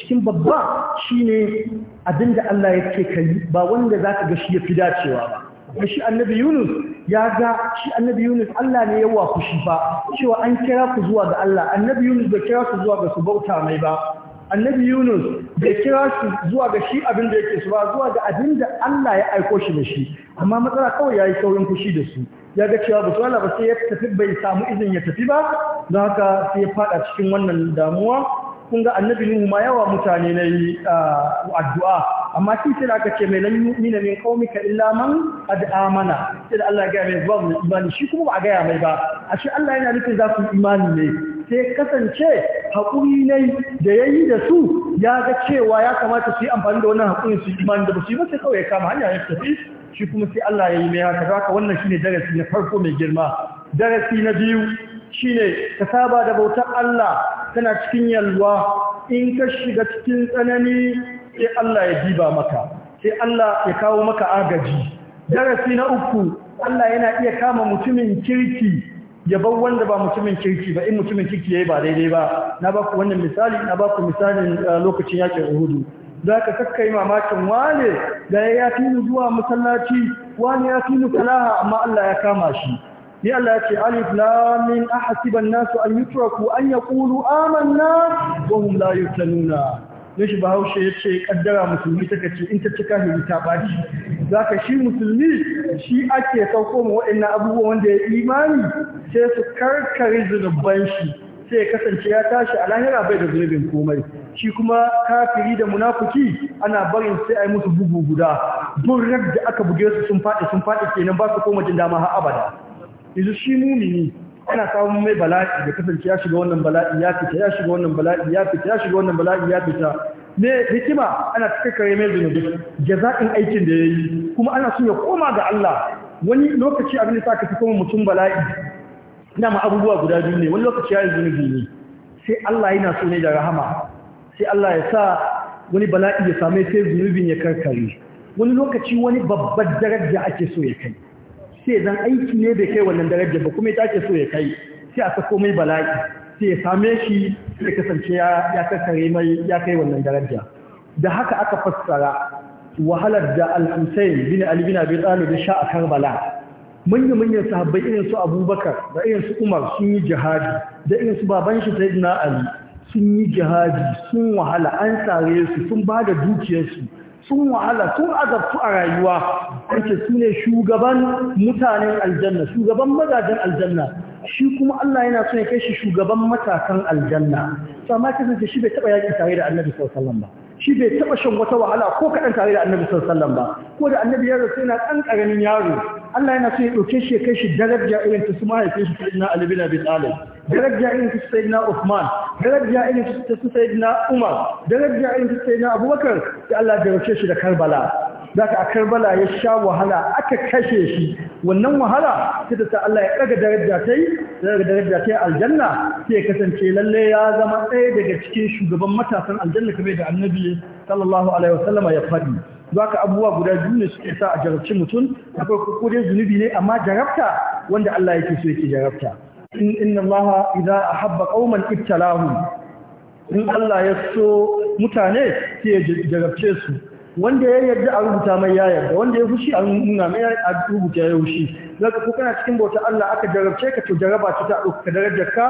cikin babba shine abinda Allah ya ce kai ba wanda zaka ga shi ya fi dacewa ba da shi annabi Yunus ya ga shi annabi Yunus Allah ne yawa kushi ba cewa an kira ku zuwa ga Allah annabi Yunus bai kira ku zuwa ga su bauta mai ba annabi Yunus bai kira su zuwa ga shi abin da yake su ba zuwa ga abin da Allah ya aiko shi da shi amma matsala kawai yayi saurin kushi da su ya ga cewa ba Allah ba sai ya tafi bai samu izin ya tafi ba don haka sai ya fada cikin wannan damuwa kun ga annabi Nuhu ma yawa mutane na yi ah, addu'a amma shi sai aka ce mai lan yu'mina min ka illa man ad'amana amana sai Allah ya ga mai imani shi kuma ba a gaya mai ba ashe Allah yana nufin za su imani ne sai kasance hakuri ne da yayi da su ya ga cewa ya kamata su yi amfani da wannan hakurin su imani da ba su yi ba sai kawai ya kama hanya ya tafi shi kuma sai Allah ya yi mai haka haka wannan shine darasi na farko mai girma darasi na biyu shine ka saba da bautar Allah tana cikin yalwa in ka shiga cikin tsanani sai Allah ya diba maka sai Allah ya kawo maka agaji darasi na uku Allah yana iya kama mutumin kirki ya bar wanda ba mutumin kirki ba in mutumin kirki yi ba daidai ba na ba ku wannan misali na ba ku misalin uh, lokacin yakin uhudu za ka kakka yi mamakin wane da ya fi ni zuwa masallaci wane ya fi ni amma Allah ya kama shi ni Allah ya ce alif lam a hasiban nasu an yutraku an yaqulu amanna wa hum la yuftanuna don shi bahaushe ya ce kaddara musulmi ta kace in ta cika ne ta Za ka shi musulmi shi ake sauko ma waɗannan abubuwan wanda ya imani sai su karkare zunuban shi sai ya kasance ya tashi a lahira bai da zunubin komai shi kuma kafiri da munafuki ana barin sai a yi musu bugu guda burrar da aka buge su sun faɗi sun faɗi kenan ba su koma jin dama har abada yanzu shi mumini ana samun mai bala'i da kasance ya shiga wannan bala'i ya fita ya shiga wannan bala'i ya fita ya shiga wannan bala'i ya fita ne hikima ana kakkare mai zunubi jaza'in aikin da ya yi kuma ana so ya koma ga Allah wani lokaci abin da sa ka fi kuma mutum bala'i ina ma abubuwa guda biyu ne wani lokaci ya yi zunubi ne sai Allah yana so ne da rahama sai Allah ya sa wani bala'i ya same sai zunubin ya karkare wani lokaci wani babbar daraja ake so ya kai sai zan aiki ne da kai wannan darajar ba kuma ya tace so ya kai sai a sako mai bala'i sai ya same shi ya kasance ya kakare mai ya kai wannan darajar. da haka aka fassara wahalar da al-Husayn bin Ali bin Abi Talib sha a Karbala manya-manyan sahabbai irin su Abubakar da irin su Umar sun yi jihadi da irin su baban shi Sayyidina Ali sun yi jihadi sun wahala an sare su sun bada da dukiyarsu sun wahala sun azabtu a rayuwa yake su ne shugaban mutanen aljanna shugaban mazajen aljanna shi kuma Allah yana so ya kai shi shugaban matakan aljanna amma kasance shi bai taba yaki tare da Annabi sallallahu alaihi wasallam ba shi bai taɓa shan wata wahala ko kaɗan tare da annabi sallallahu ba ko da annabi ya rasu yana ɗan ƙaramin yaro Allah yana so ya ɗauke shi ya kai shi daraja irin ta su mahaifin shi sayyidina Ali bin Abi Talib daraja irin ta sayyidina Uthman daraja irin ta sayyidina Umar daraja irin ta sayyidina Abubakar da Allah ya ɗauke shi da Karbala zaka a Karbala ya sha wahala aka kashe shi wannan wahala sai da Allah ya daga daraja tai daga daraja ta aljanna sai kasance lalle ya zama ɗaya daga cikin shugaban matasan aljanna kamar da annabi sallallahu alaihi wasallama ya faɗi zaka abubuwa guda biyu ne suke sa a jarabci mutum akwai kukurin zunubi ne amma jarabta wanda Allah yake so yake jarabta In inna Allah idza ahabba qauman ibtalahum in Allah ya so mutane sai ya jarabce su wanda ya yarda a rubuta mai ya yarda wanda ya fushi a nuna mai a rubuta ya fushi zaka ko kana cikin bauta Allah aka jarabce ka to jaraba ta ta dauka darajar ka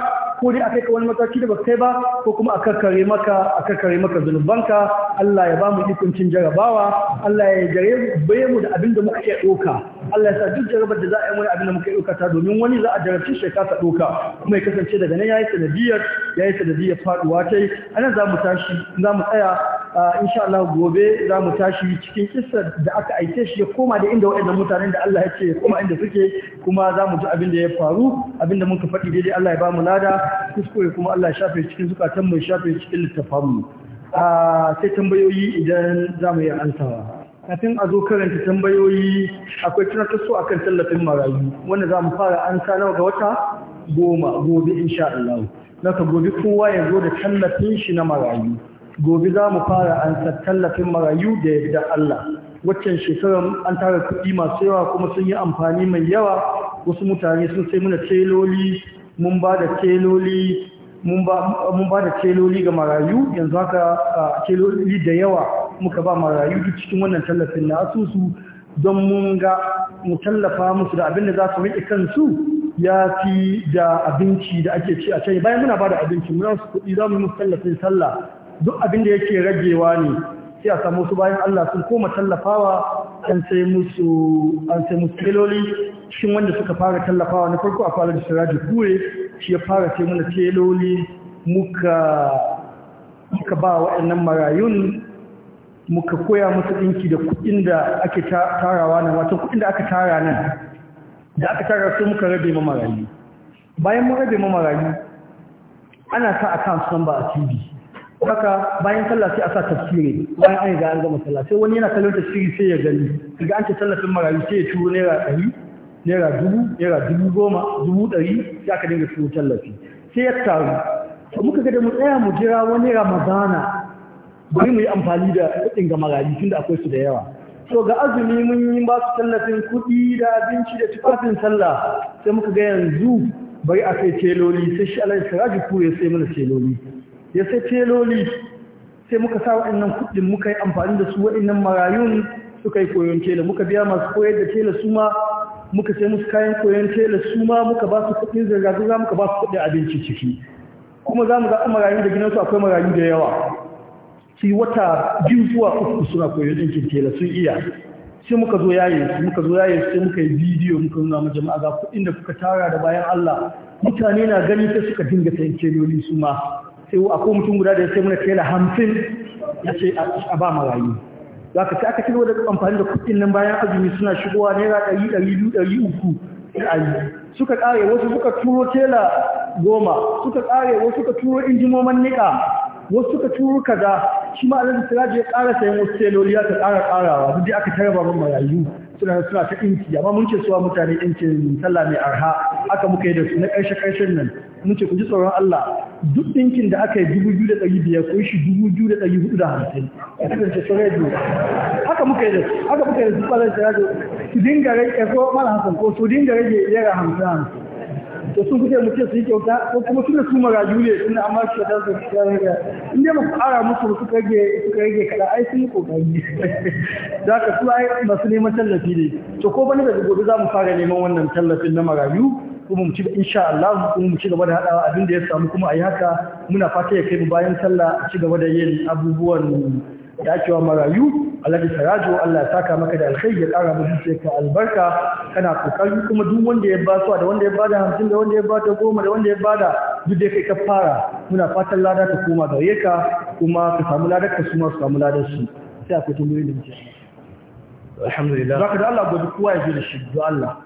ko dai akai ka wani mataki da ba kai ba ko kuma a kare maka a kare maka zunubanka Allah ya ba mu ikon cin jarabawa Allah ya jare baye mu da abin da muka iya doka Allah ya sa duk jarabar da za a yi mana abin da muka iya doka ta domin wani za a jarabci shi ka doka kuma ya kasance daga nan yayi sanadiyar yayi sanadiyar faduwa tai anan za mu tashi za mu tsaya insha Allah gobe za mu tashi cikin kisar da aka aike shi ya koma da inda waɗannan mutanen da Allah ya ce koma inda suke kuma za mu ji abin da ya faru abin da muka faɗi daidai Allah ya ba mu lada kuskure kuma Allah shafe cikin zukatan mu shafe cikin littafan mu sai tambayoyi idan za mu yi ansawa kafin a zo karanta tambayoyi akwai tunatar so akan tallafin marayu wanda za mu fara ansa nawa ga wata goma gobe insha Allah naka gobe kowa ya zo da tallafin shi na marayu gobe za mu fara ansa tallafin marayu da yadda Allah waccan shekarar an tara kuɗi masu yawa kuma sun yi amfani mai yawa wasu mutane sun sai muna teloli mun ba da teloli celoli ga marayu yanzu haka celoli da yawa muka ba marayu duk cikin wannan tallafin na asusu don mun ga mu tallafa musu da abin da za su riƙe kansu ya fi da abinci da ake ci a can bayan muna ba da abinci muna su kuɗi za mu musu tallafin sallah duk abin da yake ragewa ne sai a samu su bayan Allah sun koma tallafawa an sai musu an sai musu celoli Shin wanda suka fara tallafawa na farko a fara da siraji kure shi ya fara ce mana teloli muka muka ba waɗannan marayun muka koya musu ɗinki da kuɗin da ake tarawa nan wato kuɗin da aka tara nan da aka tara su muka rabe ma marayu bayan mun rabe ma marayu ana sa a account ba a TV haka bayan sallah sai a sa tafsiri bayan an ga an gama sallah sai wani yana kallon tafsiri sai ya gani daga an ce tallafin marayu sai ya turo naira ɗari naira dubu naira dubu goma dubu ɗari sai aka dinga siyo tallafi sai ya taru to muka ga da mu tsaya mu jira wani ramadana bari mu yi amfani da kuɗin ga marayu tunda akwai su da yawa to ga azumi mun yi ba su tallafin kuɗi da abinci da tufafin sallah sai muka ga yanzu bari a sai teloli sai shi alai siraji kure sai mana teloli ya sai teloli sai muka sa waɗannan kuɗin muka yi amfani da su waɗannan marayun suka yi koyon tela muka biya masu koyar da tela su ma muka sai musu kayan koyon tela su ma muka ba su kuɗin zirga-zirga muka ba su kudin abinci ciki kuma za mu ga marayu da gidansu akwai marayu da yawa su wata biyu zuwa uku suna koyon ɗinkin tela sun iya sai muka zo yaye su muka zo yaye su sai muka yi bidiyo muka nuna mu jama'a ga kuɗin da kuka tara da bayan Allah mutane na gani sai suka dinga sayan teloli su ma sai akwai mutum guda da ya sai mana tela hamsin ya ce a ba marayu za ka sai aka ci gaba da amfani da kuɗin nan bayan azumi suna shigowa naira ɗari ɗari biyu ɗari uku suka ƙare wasu suka turo tela goma suka ƙare wasu suka turo injinoman niƙa wasu suka turo kaza shi ma alhaji siraji ya ƙara sayan wasu teloli ya ta ƙara ƙarawa duk aka tara baban marayu suna suna ta inci amma mun ce suwa mutane incin sallah mai arha aka muka yi da su na karshe-karshen nan mun ce ku ji tsoron Allah duk ɗinkin da aka yi dubu biyu da ɗari biyar ko shi dubu biyu da ɗari hudu da hamsin a cikin su rediyo haka muka yi da aka muka yi da su ɓarar su rediyo su dinga rage eh, ko mara hasan ko su dinga rage yara hamsin hamsin to sun kusa mu ce su yi kyauta ko kuma suna su maraju ne suna amma su kyauta su fita daga in dai masu ƙara musu su rage su rage kada ai sun yi kokari za ka su ai masu neman tallafi ne to ko bani da gobe za mu fara neman wannan tallafin na marayu kuma mu ci gaba insha Allah kuma mu ci gaba da hadawa abinda ya samu kuma ayi haka muna fata ya kai mu bayan sallah a ci gaba da yin abubuwan wa marayu Allah ya sarajo Allah ya saka maka da alkhairi ya kara musu ka albarka kana kokari kuma duk wanda ya basuwa da wanda ya bada hamsin da wanda ya bada goma da wanda ya bada duk da kai ka fara muna fatan lada ta koma gare ka kuma ka samu ladar ka kuma ka su samu ladar su sai akwai tambayoyin da muke alhamdulillah zaka da Allah gobe kowa ya ji da shi Allah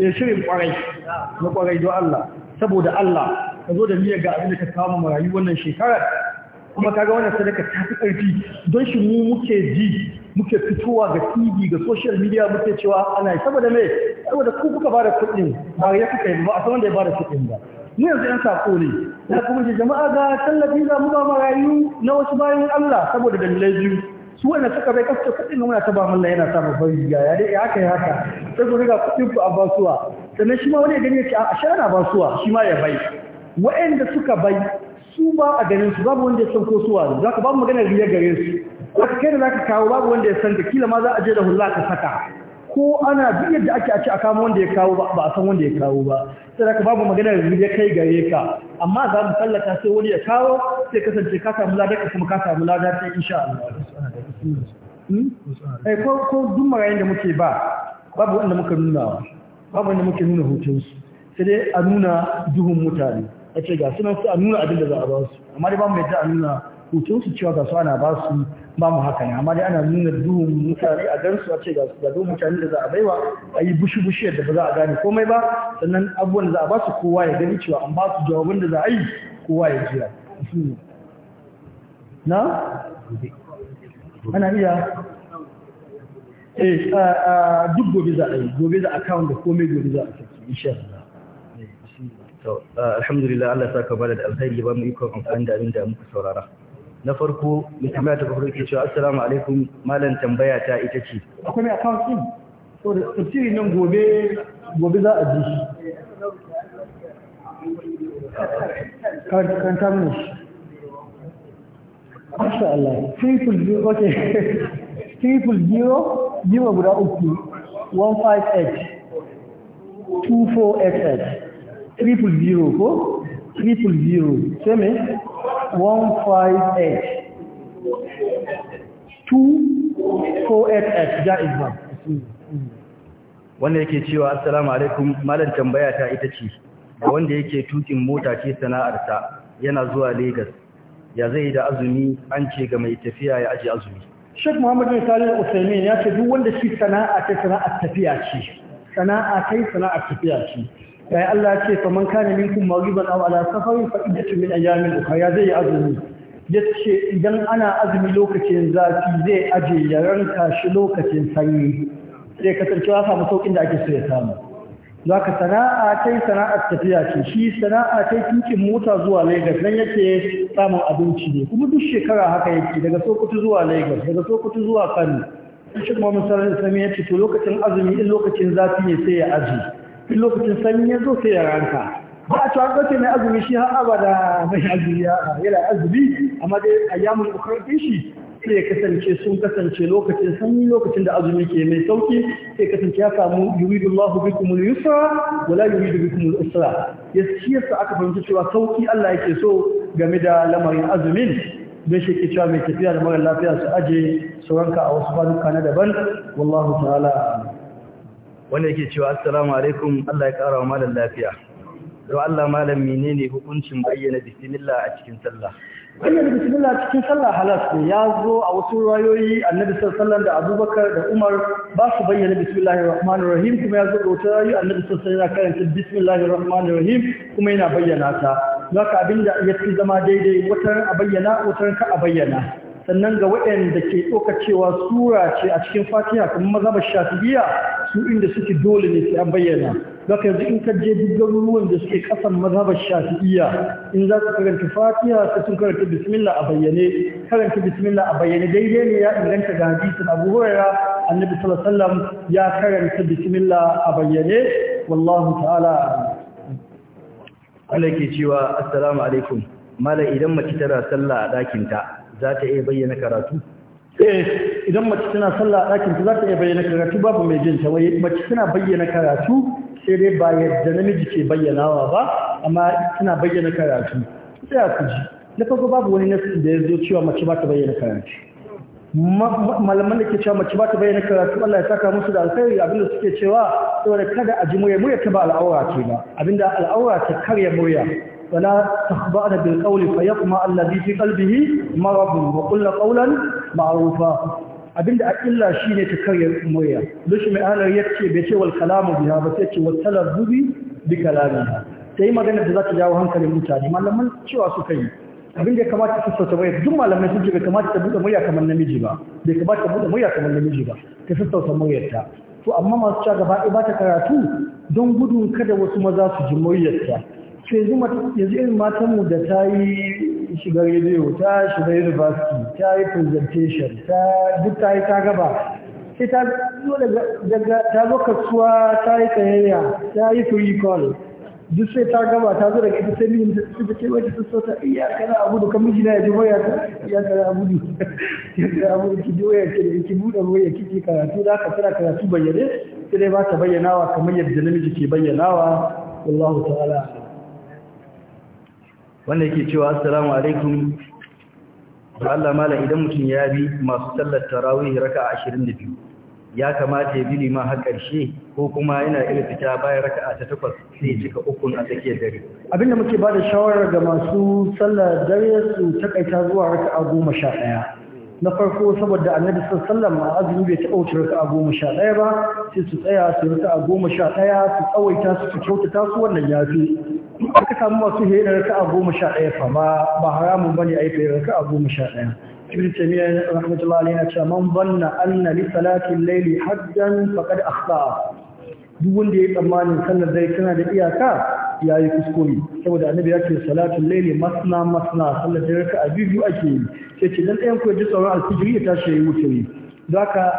eh shirin kwarai na kwarai don Allah saboda Allah ka zo da miyar ga abin da ka kawo marayu wannan shekarar kuma kaga wannan sadaka ta fi ƙarfi don shi mu muke ji muke fitowa ga TV ga social media muke cewa ana saboda me saboda ku kuka bada kuɗin ba ya kuka yi ba a san wanda ya bada kuɗin ba mu yanzu yan sako ne da kuma jama'a ga tallafi za mu ba marayu na wasu bayan Allah saboda dalilai biyu su wanda suka bai kasu kaɗin muna ta ba mulla yana samun farin riga ya dai haka ya haka sai su riga kudin ku a basuwa sannan shi ma wani ya gani ya ce a shi ana basuwa shi ma ya bai wa'anda suka bai su ba a ganin su babu wanda ya san ko suwa za ka ba mu maganar riya gare su wata kai da za ka kawo babu wanda ya san ka kila ma za a je da hulla ka saka ko ana duk yadda ake a ce a kama wanda ya kawo ba a san wanda ya kawo ba sai da ka babu maganar ya kai gare ka amma za mu sallata sai wani ya kawo sai kasance ka samu lada ka kuma ka samu lada ta insha Allah Hmm? eh ko ko duk marayin da muke ba babu wanda muka nuna babu wanda muke nuna hotonsu sai dai a nuna duhun mutane a ce ga sunan su a nuna abin da za a ba su amma dai ba mu yadda a nuna hotonsu cewa ga su ana ba su ba mu haka ne amma dai ana nuna duhun mutane a gansu a ce ga su ga duhun mutane da za a baiwa a yi bushi bushi yadda ba za a gane komai ba sannan abubuwan da za a ba su kowa ya gani cewa an ba su jawabin da za a yi kowa ya jira hmm. na ana iya eh, duk gobe za a yi gobe za a kawo da komai gobe za a saki insha Allah to alhamdulillah Allah ya saka bada da alkhairi ba mu ikon amfani da abin da muka saurara na farko mai tambaya ta farko ke cewa assalamu alaikum malam tambaya ta ita ce akwai mai account din da tafsiri nan gobe gobe za a ji shi karanta mana shi Masha Allah, triple zero, ok, triple zero, zero guda uku, 15H, 24HH, triple zero ko? Triple zero, sai mai? 15H, 24HH, ja'iz ba. Wanda yake cewa, Assalamu alaikum, malar tambaya ta ita ce, wanda yake tukin mota ce sana'arsa yana zuwa Legas. ya zai da azumi an ce ga mai tafiya ya aji azumi Sheikh Muhammad bin Salih Al-Uthaymeen ya ce duk wanda shi sana'a ta sana'a tafiya ce sana'a kai sana'a tafiya ce sai Allah ya ce faman kana minkum mariban aw ala safarin fa iddatu min ayamin ukhra ya zai azumi Ya ce idan ana azumi lokacin zafi zai aje ya ranka shi lokacin sanyi sai ka tarkiwa samu saukin da ake so ya samu za ka sana'a kai sana'ar tafiya ce shi sana'a kai tukin mota zuwa lagos nan yake samun abinci ne kuma duk shekara haka yake daga sokoto zuwa lagos daga sokoto zuwa kano shi kuma misalin sami ya ce to lokacin azumi in lokacin zafi ne sai ya aji in lokacin sanyi ya zo sai ya ranka ba a cewa mai azumi shi har abada mai azumi yana azumi amma dai a yamun ukar shi sai ya kasance sun kasance lokacin sanyi lokacin da azumi ke mai sauki sai kasance ya samu yuridullahu bikumul yusra wala yuridu bikumul usra yasa aka fahimci cewa sauki Allah yake so game da lamarin azumin don shi ke cewa mai tafiya da mara lafiya su aje sauranka a wasu kwanuka na daban wallahu ta'ala wanda yake cewa assalamu alaikum Allah ya kara wa malam lafiya don Allah malam menene hukuncin bayyana bismillah a cikin sallah bayyana bismillah cikin sallah halas ne ya zo a wasu rayoyi annabi sallallahu da abubakar da umar ba su bayyana bismillahir rahmanir rahim kuma ya zo da wata rayoyi annabi sallallahu yana karanta bismillahir rahmanir rahim kuma yana bayyana ta abin da ya fi zama daidai watan a bayyana watan ka a bayyana sannan ga waɗanda ke ɗaukacewa cewa sura ce a cikin fatiha kuma mazhabar shafi'iyya su inda suke dole ne sai an bayyana zaka yanzu in ka je duk garuruwan da suke kasan mazhabar shafi'iyya in za ka karanta fatiha ka tun karanta bismillah a bayyane karanta bismillah a bayyane daidai ne ya inganta ga hadisin abu hurairah annabi sallallahu alaihi wasallam ya karanta bismillah a bayyane wallahu ta'ala Allah ke cewa assalamu alaikum mala idan mace tana sallah a ɗakinta za ta iya bayyana karatu eh idan mace tana sallah a ɗakin ta za ta iya bayyana karatu babu mai jin ta wai mace tana bayyana karatu sai dai ba yadda namiji ke bayyanawa ba amma tana bayyana karatu sai a kuji na farko babu wani nasi da ya zo cewa mace ba ta bayyana karatu malaman da ke cewa mace ba ta bayyana karatu Allah ya saka musu da alkhairi abinda suke cewa saboda kada a ji murya murya ta ba al'aura ce ba abinda al'aura ta karya murya ولا تخضعن بالقول فيطمع الذي في قلبه مرض وقل قولا معروفا abinda a illa ne ta karya murya lushi mai halar yace bai ce wal kalamu biha ba sai ce wal talazzubi bi kalamiha sai magana da za ta jawo hankalin mutane malaman cewa suka yi abin da ya kamata su sauta murya duk malamai sun ce bai kamata ta buɗe murya kamar namiji ba bai kamata ta buɗe murya kamar namiji ba ta sassauta muryarta to amma masu cewa gaba ɗaya ba ta karatu don gudun kada wasu maza su ji muryarta to yanzu irin matanmu da ta yi shiga rediyo ta shiga university ta yi presentation ta duk ta yi ta gaba sai ta zo daga ta zo kasuwa ta yi tsayayya ta yi free call duk sai ta gaba ta zo daga ita sai mijin ta ce wacce ta so ta iya kana abu da kan mijina ya ji waya ta iya kana abu da ya kana abu da ki ji waya ki ki buɗe waya ke karatu da haka tana karatu bayyane sai dai ba ta bayyanawa kamar yadda namiji ke bayyanawa wallahu ta'ala wanda yake cewa assalamu alaikum da Allah mala idan mutum ya bi masu sallar tarawih raka 22 ya kamata ya bi liman har karshe ko kuma yana iya fita bayan raka'a ta takwas sai cika ukun a tsakiyar dare abinda muke ba da shawarar ga masu sallar dare su takaita zuwa raka'a goma sha ɗaya na farko saboda annabi sallallahu alaihi azumi bai taɓa wuce raka'a goma sha ɗaya ba sai su tsaya su raka'a goma sha ɗaya su tsawaita su su kyautata su wannan yafi aka samu masu fiye da raka'a goma sha ɗaya fa ba haramun bane a yi fiye da raka'a goma sha ɗaya ibn taymiya rahmatullahi ne na cewa man banna anna li salati al-layli haddan faqad akhta duk wanda yayi tsammanin sallar dai tana da iyaka yayi kuskure saboda annabi ya ce salatin layli masna masna sallar dai raka'a biyu ake yi sai ce dan ɗayan ku ya ji tsoron alfijiri ya tashi ya yi wuturi zaka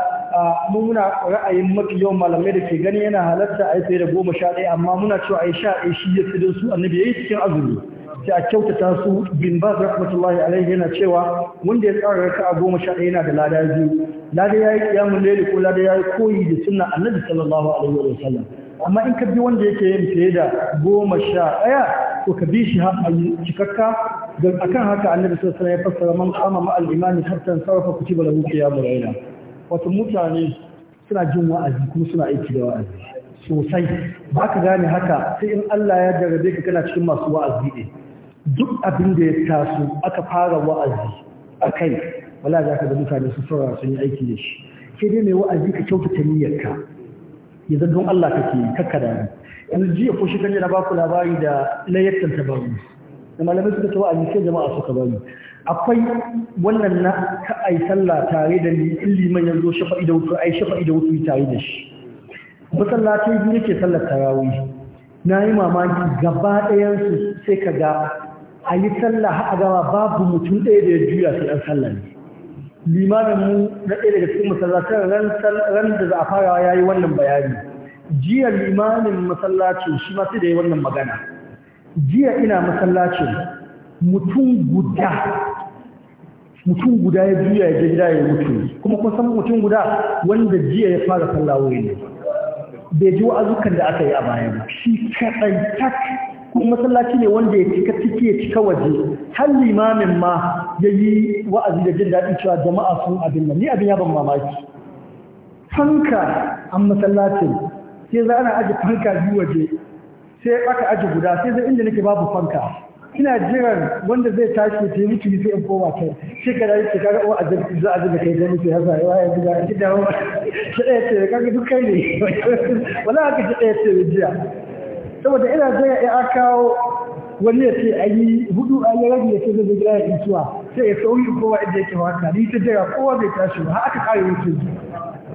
muna ra'ayin mafi yawan malamai da ke gani yana halatta a yi fiye da goma sha ɗaya amma muna cewa a yi sha ɗaya shi ya fi don su annabi ya yi cikin azumi sai a kyautata su bin ba a alaihi yana cewa wanda ya tsara raka a goma sha ɗaya yana da lada biyu lada ya yi kiyamun lele ko lada ya yi koyi da sunna annabi sallallahu alaihi wa sallam amma in ka bi wanda yake yin fiye da goma sha ɗaya ko ka bi shi a cikakka don akan haka annabi sallallahu alaihi wa sallam ya fassara man kama ma'al imani har tan sarrafa kutiba mu qiyamul laila wato mutane suna jin wa'azi kuma suna aiki da wa'azi sosai ba ka gane haka sai in Allah ya jarabe ka kana cikin masu wa'azi ne duk abin da ya taso aka fara wa'azi a kai wala za ka ga mutane su fara sun yi aiki da shi sai dai mai wa'azi ka kyautata niyyarka ya zan don Allah kake kakkada ni yanzu jiya ko shi kan yana baku labari da layyatan da malamai suka ta wa'azi sai jama'a suka bari akwai wannan na ka ai sallah tare da ni in liman ya zo shafa'i da wutu ai shafa'i da wutu tare da shi masallacin biyu yake sallar tarawih na yi mamaki gaba ɗayansu sai ka ga a yi sallah a gaba babu mutum ɗaya da ya juya sai an sallah ne mu na ɗaya daga cikin masallacin ran da za a fara ya yi wannan bayani jiya limanin masallacin shi ma sai da yi wannan magana jiya ina masallacin mutum guda mutum guda ya juya ya gida ya mutu kuma kun san mutum guda wanda jiya ya fara sallawo ne bai ji wa'azukan da aka yi a baya ba shi kaɗai tak kuma masallaci ne wanda ya cika cike ya cika waje har limamin ma ya yi wa'azi da jin daɗin cewa jama'a sun abin nan ni abin ya ban mamaki fanka a masallacin sai za ana aji fanka biyu waje sai aka aje guda sai zai inda nake babu fanka ina jiran wanda zai tashi ta yi tuni sai in koma kai shekara yake kaga uwa azabi za a zai kai da mutu hasa yawa ya zuba ki da wa shi ɗaya ce kaga duk kai ne wala aka shi ɗaya ce jiya saboda ina zai ya kawo wani ya ce a yi hudu a yi rabi ya ce zai zai ya intuwa sai ya sauri kowa inda yake waka ni ta jira kowa bai tashi ba aka kare wuce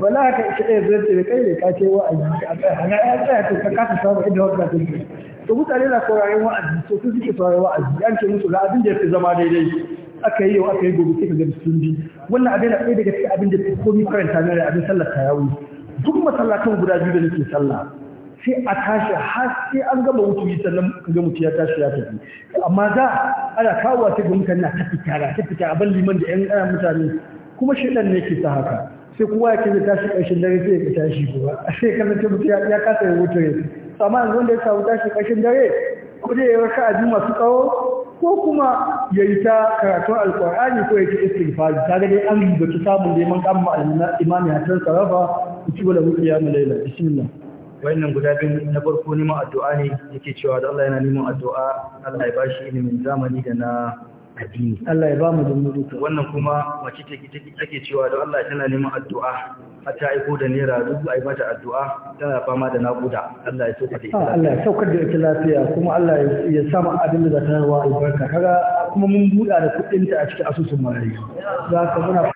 wala aka shi ɗaya zai ce kai ne ka ce wa'azi a tsaya a tsaya ka kasa samu inda wata zai to mutane na sauraron wa'azi to su suke sauraron wa'azi an ce musu da abin da yake zama daidai aka yi yau aka yi gobe sai ka ga sun bi wannan abin da ɗaya daga cikin abin da komai karanta ne abin sallar ta yawo duk masallatan guda biyu da nake sallah sai a tashi har sai an gama yi sannan ka ga mutum ya tashi ya tafi amma da ana kawo wasu ga mutane na tafi tara tafi tara ban liman da yan ƙaya mutane kuma shaidan ne ke sa haka sai kowa ya ke tashi ƙarshen dare sai ya tashi gobe sai ka mutum ya kasa ya wuce amma yanzu wanda ya samu tashi kashin dare ko zai yi raka abin masu tsawo ko kuma ya yi ta karatun alkur'ani ko ya ci istighfari ta dai an rubuta samun neman kan imami hasan sarafa ci wala hukiya mu laila bismillah wayannan guda biyu na farko neman addu'a ne yake cewa da Allah yana neman addu'a Allah ya bashi ilimin zamani da na addini Allah ya ba mu duka wannan kuma mace take take cewa da Allah tana neman addu'a har ta aiko da nera dubu a yi mata addu'a tana fama da naƙuda Allah ya saukar da ita Allah ya saukar da ita lafiya kuma Allah ya sa mu abin da za ta wa albarka kaga kuma mun buɗa da kuɗinta a cikin asusun marayu za ka muna